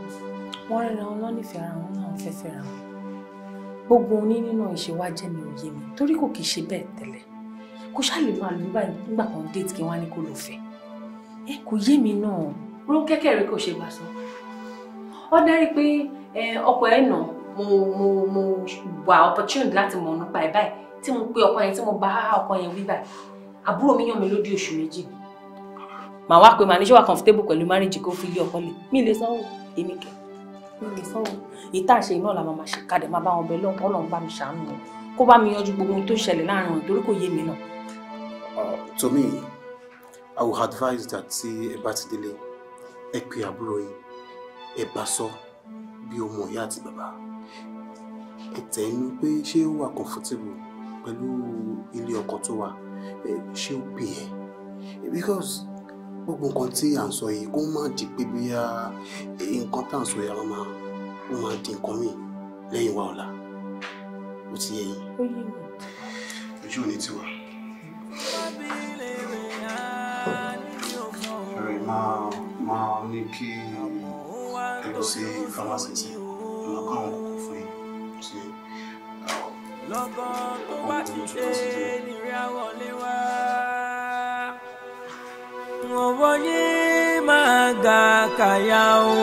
wọ́n ríra wọn lọ́nìfẹ́ ara wọn náà fẹ́ fẹ́ra wọn gbogbo oní nínú ìṣèwájẹ́ mi ò yé mi torí kò kì í ṣe bẹ́ẹ̀ tẹ́lẹ̀ kó ṣáà máa lù báyìí nígbà kan déètì kí wọ́n á ní kó lọ fẹ́ ẹ kò yé mi náà rún kékeré kò ṣe gbà sọ ọ dárí pé ọkọ ẹ nà mo mo mo wà opportunity láti mọ̀ nípa ẹ̀ báyìí tí mo pe ọkọ yẹn tí mo bá ọkọ yẹn wí báyìí àbúrò mi yàn mí lódì oṣù méjì màá wá pé màá ní ṣé wà comfortable pẹ̀lú marriage kó fi lé ọkọ lè mí lè sanwó èmi kẹ́ẹ́ ìta ṣe iná la máa ṣe kadẹ̀ máa bá wọn bẹ lọ́hùn ọlọ́run bá mi ṣàánú wọn kó bá mi yanjú gbogbo ohun tó ṣẹlẹ̀ láàrin wọn torí kò yé mi náà. Uh, to me i would advise that tí ẹ bá ti délé ẹ pe àbúrò yín ẹ bá sọ bí ọmọ ìyá àti bàbá ẹ tẹnu pé ṣé ó wà comfortable pẹ̀lú ilé ọkọ tó wà ṣé ó pè é because gbogbo nǹkan tí à ń sọ yìí kó má di pé a nǹkan tá à ń sọ yìí àwọn máa ó máa di nǹkan míì lẹ́yìn wa ọ̀la ó ti yé yín. ojú ò ní tiwa. ọ̀rẹ́ máa máa ní kí ẹ lọ sí pharmacy sí ọ̀nà àwọn kòkó fún yín sí lọ́gán tó bá ti dé nìrẹ́ àwọ̀lé wá ọ̀rọ̀ yìí máa ga kàyà o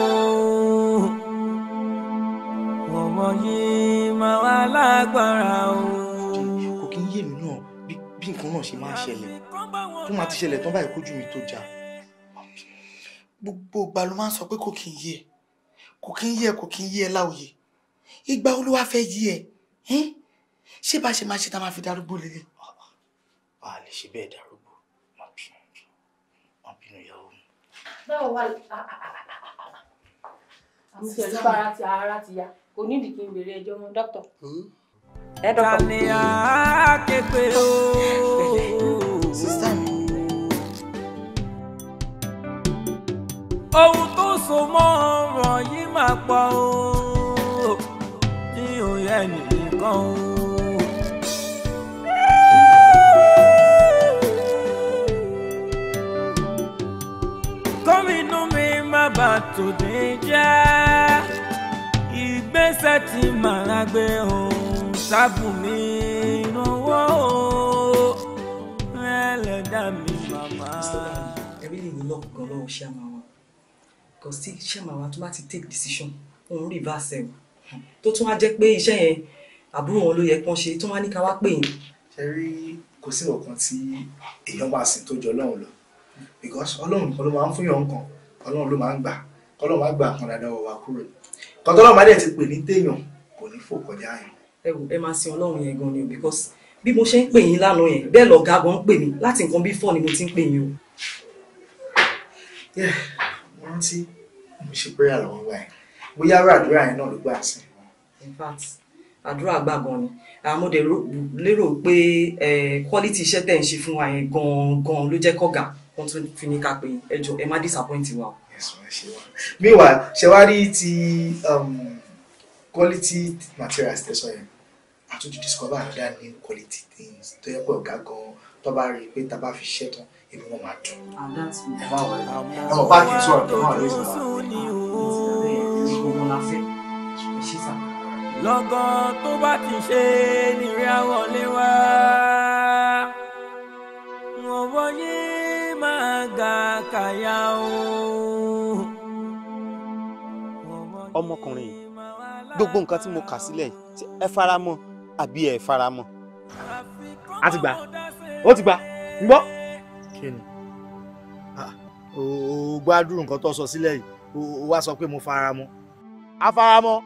ọ̀rọ̀ yìí máa wà lágbára o. kò kí ń yé mi náà bí nǹkan náà ṣe máa ṣẹlẹ̀ tó máa ti ṣẹlẹ̀ tán báyìí kójú mi tó já gbogbo ìgbà ló máa ń sọ pé kò kí ń yé kò kí ń yé kò kí ń yé ẹ láòyè ìgbà olúwa fẹ́ yí ẹ ṣé bá ṣe máa ṣe tá a máa fi darúgbó lélẹ̀. a lè ṣe bẹ́ẹ̀ dàrú. báwo wà àmì tí ẹ̀rọ ara ti ara ti ya kò ní ìdí kí n béèrè ẹjọ́ mọ́ dókítà. Hmm? ẹ dọ́kọ̀. tani aképe ooo. *laughs* sísá mi. ohun tó so mọ́ ọ̀rọ̀ yìí máa pọ̀ ooo. ní òye ẹnì kan ooo. tòde jẹ́ ìgbésẹ̀ tí màá gbé ohun sábùmí ìrànwọ́ ẹlẹ́dà mi màmá. I ṣàmàwá because tí ṣàmàwá tó bá ti take decision òun reverse ẹ̀ tó tún wá jẹ́ pé iṣẹ́ yẹn àbúrò wọn ló yẹ kán ṣe tó wá ní ká wá pè yín. ṣe rí kò sí ọ̀kan tí èèyàn bá sìn tó jọ ọlọ́run lọ because ọlọ́run kan ló máa ń fún yàn kan ọlọ́run ló máa ń gbà kọ́lọ́ má gbà kan dáadáa wà kúrò kọ́tọ́lọ́ má dẹ̀ ti pè ní téèyàn kò ní fò kọjá yẹn. ẹ wò ẹ máa sin ọlọ́run yẹn gan ni o because bí mo ṣe ń pè yín lánàá yẹn bẹ́ẹ̀ lọ̀gá gan ń pè mí láti nǹkan bí fọ́ ni mo ti ń pè yín o. mo rántí mo ṣe prayer lọ́wọ́ báyìí bóyá àdúrà yẹn náà ló gbà sí. in fact àdúrà gbà gan ni àmọ́ dẹ̀ lérò pé quality iṣẹ́ tẹ̀ ń ṣe fún wa yẹn gan-an ló jẹ́ kọ́gà wọ́n tún fi ní ká pé ẹjọ́ ẹ má disappoint wa o meanwhile ṣe wá rí um, quality materials tẹ̀sán yẹn àtúntò discover another new quality things tó yẹ pé ọ̀gá gan tó bá rí i pé tá a bá fi ṣẹ́ tán èmi wọn máa dùn. Ah, ẹ má wọlé ah, ẹ mọ̀ báàkì tó ọ̀dọ́ náà ló ń sọ. lọ́gọ́ tó bá ti ṣe nìrẹ́ àwọn lé wá wọ́n wọ́n yé máa ga kàyà o ọmọkùnrin yìí gbogbo nǹkan tí mo kà sílẹ̀ yìí ẹ fara mọ́ àbí ẹ fara mọ́. a ti gbà ó ti gbà ń gbọ́. kí ni ah, o gbádùn nǹkan tó sọ sílẹ̀ yìí o wá sọ pé mo fara mọ́. a fara mọ́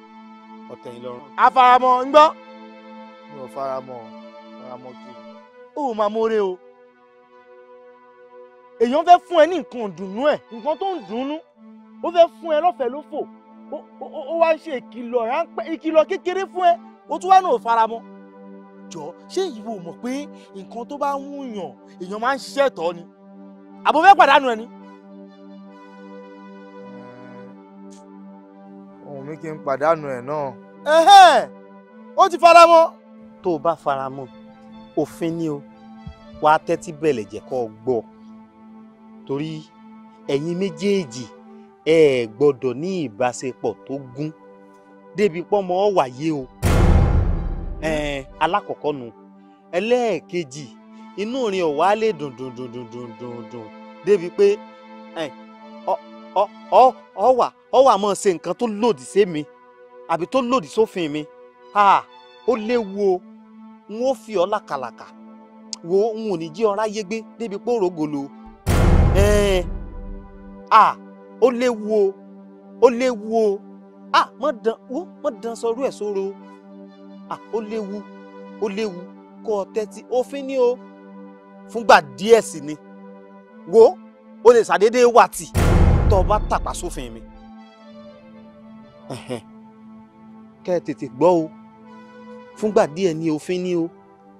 ọ̀tẹ̀ yìí lọ́rùn. a fara mọ́ ń gbọ́. mi ò fara mọ́ fara mọ́ kí ó máa mórè o èèyàn fẹ́ fún ẹ ní nǹkan dùnú ẹ̀ nǹkan tó ń dùnú ó fẹ́ fún ẹ lọ́fẹ̀ẹ́ lófò ó wá ń ṣe ìkìlọ̀ ráńpẹ́ ìkìlọ̀ kékeré fún ẹ o tún wá náà fara mọ́ jọ ṣé ìwọ mọ̀ pé nǹkan tó bá ń wúyàn èèyàn máa ń ṣiṣẹ́ tọ́ ni àbò fẹ́ pàdánù ẹ ni. ohun mi kì í pàdánù ẹ náà. ó ti fara mọ́. tó o bá fara mọ́ òfin ni o wàá tẹ́tí bẹ̀lẹ̀ jẹ́ kó o gbọ́ torí ẹ̀yin méjèèjì ẹ Gbọdọ ní ìbáṣepọ̀ tó gún débi pọ́mọ wáyé o alákọ̀ọ́kọ́ nu ẹlẹ́ẹ̀kejì inú rin ọ̀wá lè dùn dùn dùn dùn dùn dùn débi pé ọwà ọwà máa ṣe nǹkan tó lòdì sí mi àbí tó lòdì sófin mi ó o n ó fi ọ́ làkàlàkà wo n ò ní jí gbé débi pé ó léwu o ó léwu o ah mọ dán wo mọ dán sọrú ẹ sóró ah ó léwu ó léwu kó o tẹ́tí òfin ni o fúngbà díẹ̀ sí ni wo o lè ṣàdédé wà tì tó o bá tàpá sófin mi kẹ́ ẹ tètè gbọ́ o fúngbà díẹ̀ ni òfin ni o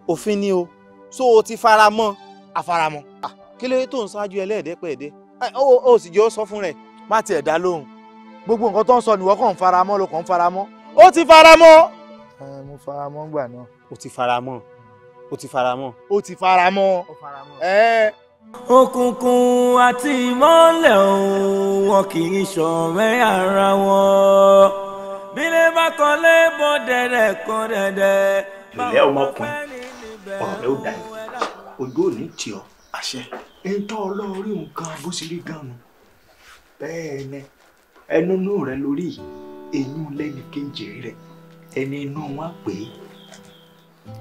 òfin ni o so o ti fara mọ́ àfaramọ́ kí ló dé tó ń ṣáájú ẹlẹ́ẹ̀dẹ́pẹ̀ẹ́dẹ́ ó sì jẹ́ ó sọ fún rẹ̀ má tiẹ̀ dá lóhùn gbogbo nǹkan tó ń sọ nìwọ kàn ń fara mọ́ ló kàn ń fara mọ́ ó ti fara mọ́. mo fara mọ́ ngbà náà. o ti fara mọ́ o ti fara mọ́. o ti fara mọ́. òkùnkùn àti ìmọ́lẹ̀ wọn kì í ṣọ̀rẹ́ ara wọn bílẹ̀ bá kan lé bọ́ dẹ̀dẹ̀ kan dẹ̀dẹ̀. ìlẹ́ ọmọkùnrin ọ̀rọ̀ rẹ ó dà yìí ojú ò ní tì ọ́ àṣẹ ń tọ́ ọ lọ́ọ́ rí nǹkan bó ṣe rí gan-an bẹ́ẹ̀ ni ẹnu inú rẹ lórí inú lẹ́nu kejì rẹ ẹni inú wọn pè é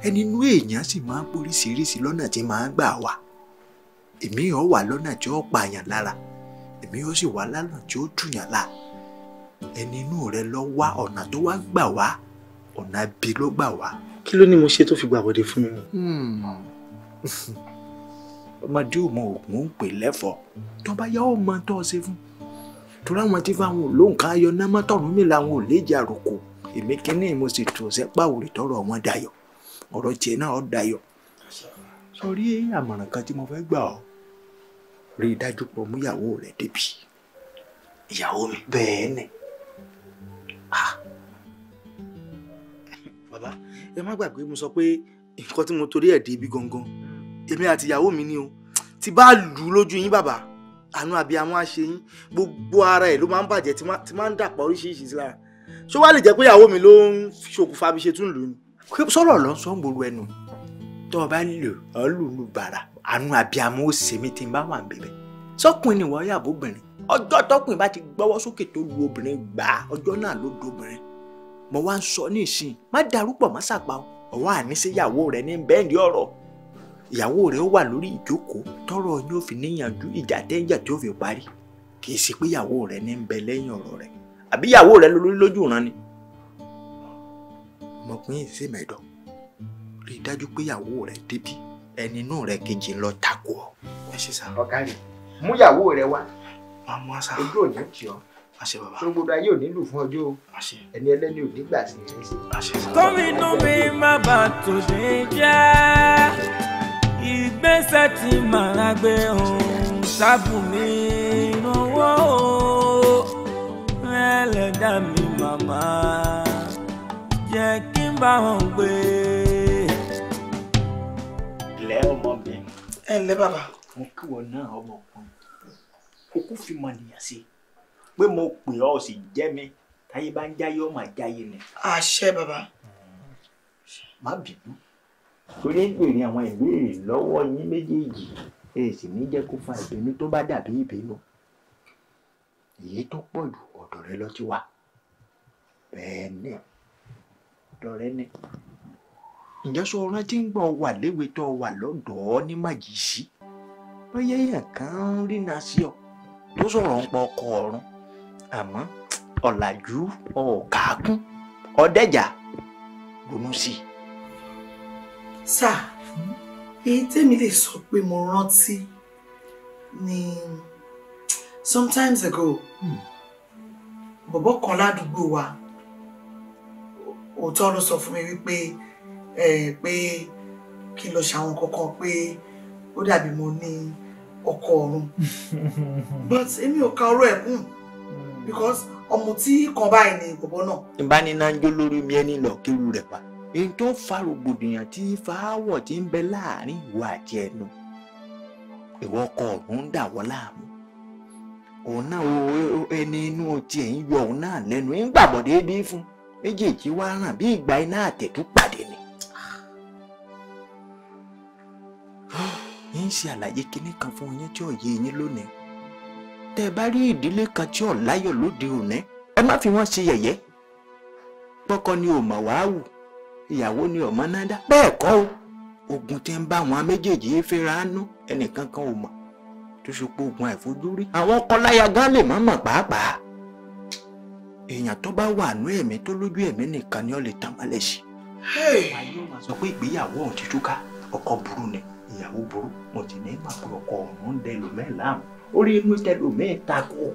ẹni inú èèyàn sì máa ń póríṣiríṣi lọ́nà tí máa ń gbà wá èmi ò wà lọ́nà tí ó pààyàn lára èmi ò sì wà lọ́nà tí ó dùnyàn la ẹni inú rẹ lọ wá ọ̀nà tó wá gbà wá ọ̀nà bí ló gbà wá. kí ló ní mo ṣe tó fi gbà wọlé fún mi. Hmm. *laughs* ọmọdé ò mọ òògùn ó ń pè lẹ́fọ̀ọ́ tó yá ó mọ tó ọ ṣe fún un torí àwọn tí fáwọn olóǹkà ayọ̀ námọ́ tọ̀run mi làwọn ò léjì àròkò èmi kínní mo sì tò sẹ́pà òrì tọrọ wọn dayọ̀ ọ̀rọ̀ tiẹ̀ náà ọ̀ dayọ̀. sọrí àmọ̀ràn kan tí mo fẹ́ gbà ọ́ rí i dájú pọ̀ mú ìyàwó rẹ̀ débi ìyàwó mi bẹ́ẹ̀ ni. bàbá ẹ má gbàgbé mo sọ pé nǹkan tí mo torí ẹ̀ dé gangan èmi àti ìyàwó mi ni o ti bá lù ú lójú yín bàbá àánú abiyamọ àṣeyín gbogbo ara ẹ̀ ló máa ń bàjẹ́ tí máa ń dàpọ̀ oríṣiríṣi sí lára ṣó wàá lè jẹ́ pé ìyàwó mi ló ń ṣokùnfà bí ṣe tún lù ú ni. sọ̀rọ̀ lọ sọ ń gbòòrò ẹnu tó o bá lò ọ́ lù lù bàrà àánú abiyamọ ó ṣe mí tí n bá wà bẹ̀bẹ̀ sọkùnrin nìwọ yàbọ̀ obìnrin ọjọ́ tọkùnrin bá ti gbọ́wọ́ sókè tó lu obìnrin gbà ọjọ́ náà ló dobìnrin mo wá ń sọ ní ìsìn má darúpọ̀ má sàpà ọ̀wọ́ àníṣeyàwó rẹ ní bẹ́ẹ̀ ní ọ̀rọ̀ ìyàwó rẹ̀ ó wà lórí ìjókòó tọrọ yóò fi níyànjú ìjà tẹ́jà tí ó fi parí kì í ṣe pé ìyàwó rẹ̀ ní ń bẹ lẹ́yìn ọ̀rọ̀ rẹ̀ àbí ìyàwó rẹ̀ lórí lójú ìran ni. ọmọkùnrin ṣe mẹ́dọ̀ rí i dájú pé ìyàwó rẹ̀ débi ẹni inú rẹ̀ kejì ń lọ tako ọ. ẹ ṣe sá. ọ̀gá rẹ̀ mú ìyàwó rẹ̀ wá. máa mú àṣà. ojú òní kì ọ́. má ṣe bàbá. tó gbogbo ayé ò nílò fún ọjọ́ o. má ṣe. ẹni ẹlẹ́ni ò nígbà sí i. má ṣe sá. gómìnà mi má bàa tòṣe jẹ́ ìgbésẹ̀ tí màá gbé ohun sábùmí lọ́wọ́ ẹlẹ́dà mi màmá jẹ́ kí n bá wọn gbé. ilẹ̀ ọmọ mi. ẹ ǹlẹ́ bàbá. mo kí náà ọmọkùnrin okú fi mọ nìyà sí pé mo pè ọ́ sì jẹ́ mi táyé bá ń jáyé ọmọ àjáyé ni. àṣẹ bàbá. má bínú torí ń béèrè àwọn ìbéèrè lọ́wọ́ yín méjèèjì ẹ sì ní jẹ́ kó fa ìbínú tó bá dàbí ìbínú èyí tó pọ̀ jù ọ̀dọ̀ rẹ lọ ti wà bẹ́ẹ̀ ni ọ̀dọ̀ rẹ ni ǹjẹ́ sọ rántí ń gbọ́ wà léwe tó wà lọ́dọ̀ọ́ ní màjèṣí bóyá èèyàn kan ń rìnà sí ọ tó sọ̀rọ̀ ń pọ̀ ọkọ ọ̀run àmọ́ ọ̀làjú ọ̀ọ́kàákún ọ̀dẹ́jà ronú sí i sá èyí tẹ́mi lè sọ pé mo rántí ni sometimes ago hmm. bọ̀bọ̀ kan ládùúgbò wa òótọ́ ló sọ fún mi wípé pé kí n lọ ṣàwọn kankan pé ó dàbí mo ní ọkọ ọ̀run *laughs* but èmi ò ka ọ̀rọ̀ ẹ̀ kún hmm. because ọmọ tí kan báyìí ni bọ̀bọ̀ náà. ìbáninájó lórí mi ẹni lọ kéwu rẹ̀ pa. èyí tó fa rògbòdìyàn tí fàáwọ̀ tí ń bẹ láàrin ìwọ àti ẹnu ìwọ ọkọ ọ̀run ń dà wọ́n láàmú òun náà ẹni inú ti ẹ̀yìn yọ òun náà lẹ́nu ń gbàgbọ́ déédéé fún méjèèjì wá ràn bí ìgbà iná àtẹ̀tú pàdé ni. ń ṣe àlàyé kinní kan fún yín tí ò yín lónìí tẹ́ bá rí ìdílé kan tí láyọ̀ lóde òní ẹ fi wọ́n ṣe yẹ̀yẹ́ ni ò mà wá wù ìyàwó ni ọmọ náà dá bẹ́ẹ̀ kọ́ o ogun tí ń bá àwọn méjèèjì fẹ́ra nú ẹnìkan kan ò mọ̀ tó ṣe pé ogun àìfojúrí àwọn kọláya gan lè má mọ̀ pàápàá èèyàn tó bá wà nú ẹ̀mí tó lójú ẹ̀mí nìkan ni ó lè tàn mọ́lẹ̀ sí. sọ pé ìgbéyàwó ọ̀hún ti túká ọkọ burú ni ìyàwó burú mo ti ní ìgbà pé ọkọ ọ̀hún ń dẹ lòmẹ́ẹ̀ láàmú orí inú tẹ lòmẹ́ẹ̀ takò.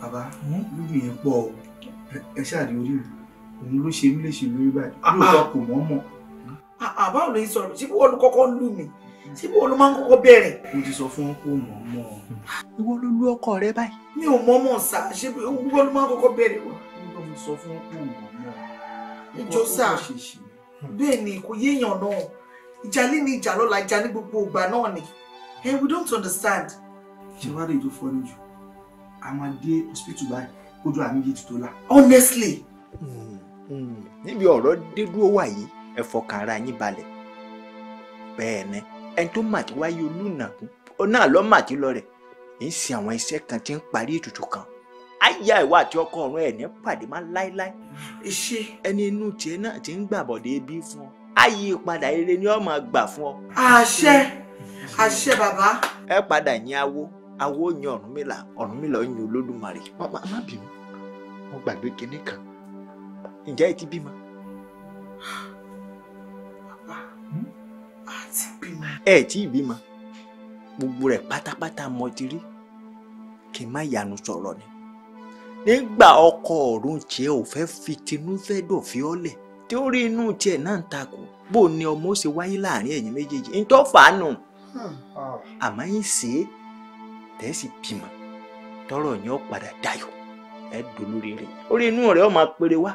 bàbá hmm? lórí yẹn pọ̀ ẹ ṣáà rí orí mi òun ló ṣe mí léṣe lórí báyìí ah, lóòótọ́ ah. kò mọ́ mọ́. àbá ò lè sọ̀rọ̀ máa ń kọ́kọ́ bẹ̀rẹ̀. mo ti sọ fún ọkọ mọ̀ mọ́. ìwọ ló lu ọkọ rẹ báyìí. mi ò mọ́ mọ́ sá ṣé wọn ló máa ń kọ́kọ́ bẹ̀rẹ̀ wa. mo sọ fún ọkọ mọ̀ mọ́. ìjọ sá bẹ́ẹ̀ ni kò yéèyàn náà ìjà lé ìjà lọ́la ìjà ní gbogbo ìgbà náà ni and we don't understand. ṣé wàá rí ètò fọ́nì jù a máa dé hospital báyìí kójú àmì yìí ti tó la. honestly. Mm. Hmm, níbi ọ̀rọ̀ dédúró wà yìí ẹ fọkàn ara yín balẹ̀ bẹ́ẹ̀ ni ẹni tó màtí wáyé olùnàkún náà lọ́ màtí lọ rẹ̀ ń sin àwọn iṣẹ́ kan tí ń parí ètùtù kan àyà ìwà àti ọkọ ọ̀run ẹ̀ ní pàdé má láéláé ṣé ẹni inú tiẹ̀ náà ti ń gbàbọ̀dé bí fún ọ àyè ìpadà eré ni ọ máa gbà fún ọ. àṣẹ àṣẹ bàbá. ẹ padà yin awo awo yin Ọ̀rúnmìlà Ọ̀rúnmìlà yin Olódùmarè má bínú mo gbàgbé kinní kan Ǹjẹ́ ẹ ti bímọ? Bàbá, hmm? Ẹ tí ì bímọ. Gbogbo rẹ̀ pátápátá mo ti rí. Kì í má yanu sọ̀rọ̀ ni. Nígbà ọkọ ọ̀run tiẹ̀ ò fẹ́ fi tinúfẹ́ dọ̀fí ọ́lẹ̀ tí ó rí inú tiẹ̀ náà ń takò bó ni ọmọ ó ṣe wáyé láàrin ẹ̀yin méjèèjì ń tọ́ fàánù hmm. àmọ́ yín ṣe é tẹ̀sí bímọ tọrọ yín ọ̀ padà dayọ̀ ẹ̀ dolórí rẹ̀ orí inú rẹ̀ ó máa péré wá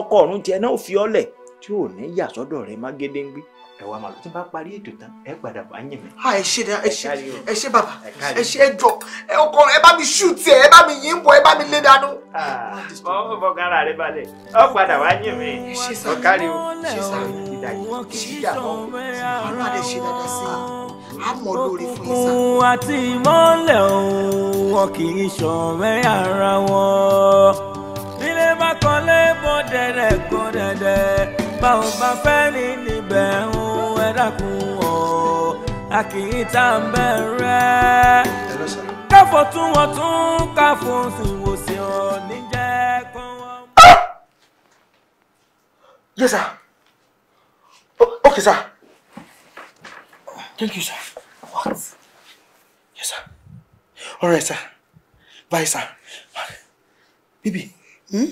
ọkọ ọ̀run tiẹ̀ náà fi ọ́lẹ̀ tí ò ní yà sọ́dọ̀ rẹ̀ mágédéńgbé ẹ wá máa lọ tí n bá parí ètò tán ẹ padà bá yín mi. a ẹ ṣe ẹ ṣe ẹ ṣe bàbá ẹ ṣe ẹ jọ ẹ ọkọ ẹ bá mi ṣù tiẹ ẹ bá mi yín bọ ẹ bá mi lé dànù. ọmọ fọkànlá rẹ balẹ̀ ọ padà wá yín mi ọ̀kárí o ṣe sáré ìdájí ṣe ìyàwó ọ̀nà àdé i àmọ́ àti ìmọ̀lẹ̀ òun wọn kì í ṣọ̀rẹ́ ara wọn ilé bá kọ́lé bó dẹ̀dẹ̀ kó dẹ̀dẹ̀ bá ò bá fẹ́ ní níbẹ̀ ń ẹ dákun ọ̀ a ń bẹ̀ rẹ́. káfọ́ tún wọ́n tún káfọ́ ìwòsàn ọ̀ níjẹ́ kó wọ́n. yes sir o okay sir thank you sir what yes sir all right sir bye sir baby. Hmm?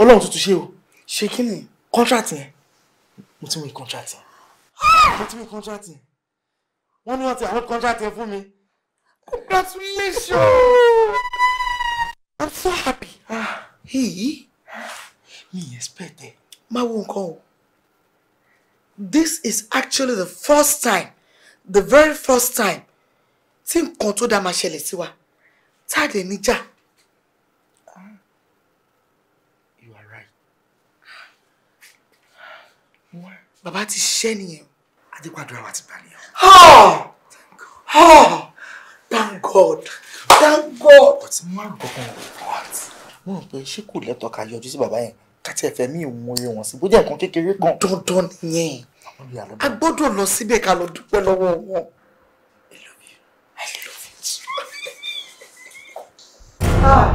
ọlọ́run tuntun ṣe o ṣe kí ni contract yẹn mo ti wí contract yẹn mo ti wí contract yẹn wọ́n ní wọ́n ti àwọn contract yẹn fún mi congratulations i'm so happy. èyí ah, mi expect ẹ máa wo nǹkan o this is actually the first time the very first time tí nǹkan tó dáa máa ṣẹlẹ̀ sí wa tá lè níjà. bàbá ti ṣẹ́ nìyẹn adépàdúrà wa ti gbà thank god thank god. ọtí mo máa ń mo rò pé ṣé kò lẹ́tọ̀ọ́ ká yọjú sí bàbá yẹn káti ẹ̀fẹ́ mi ò mú wọn sí bó jẹ́ kékeré kan. dandan nìyẹn a gbọ́dọ̀ lọ síbẹ̀ ká lọ dúpẹ́ lọ́wọ́ wọn. Ah,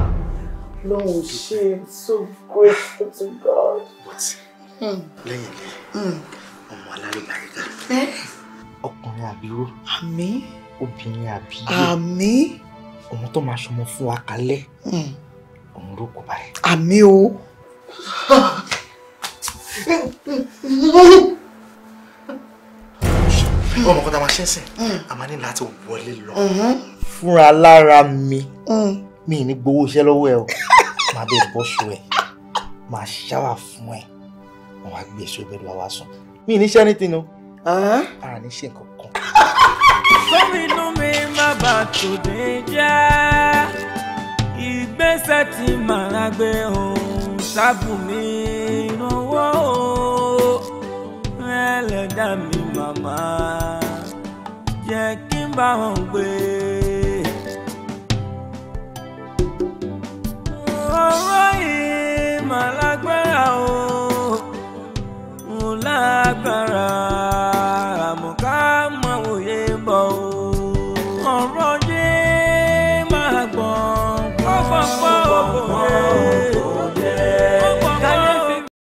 Lord, so grateful to God. What? Hmm. Lẹ́yìn lẹ́yìn. Hmm àlùbáríkà. ọkùnrin àbíró. àmín. obìnrin àbíyè. àmín. òun tó máa ṣọmọ fún wa kalẹ̀. òun ló kó báyìí. àmín o. ọmọ kan tá a máa ṣẹ́sìn hmm. a máa ní láti wọlé lọ. Hmm. fúnra lára mi hmm. mi ní gbowó iṣẹ́ lọ́wọ́ ẹ o máa bẹ bọ́ṣù ẹ máa ṣáwà fún ẹ wọn á gbé èso ìbẹ̀rù wa wá sùn mi ní ṣe anything o a ní ṣe nǹkan kan. gómìnà mi má bà tòde jẹ́ ìgbésẹ̀ tí màá gbé ohun sábùmí lọ́wọ́ ẹlẹ́dà mi màmá jẹ́ kí n bá wọn gbé. ọ̀rọ̀ yìí màá lágbára o lágbára.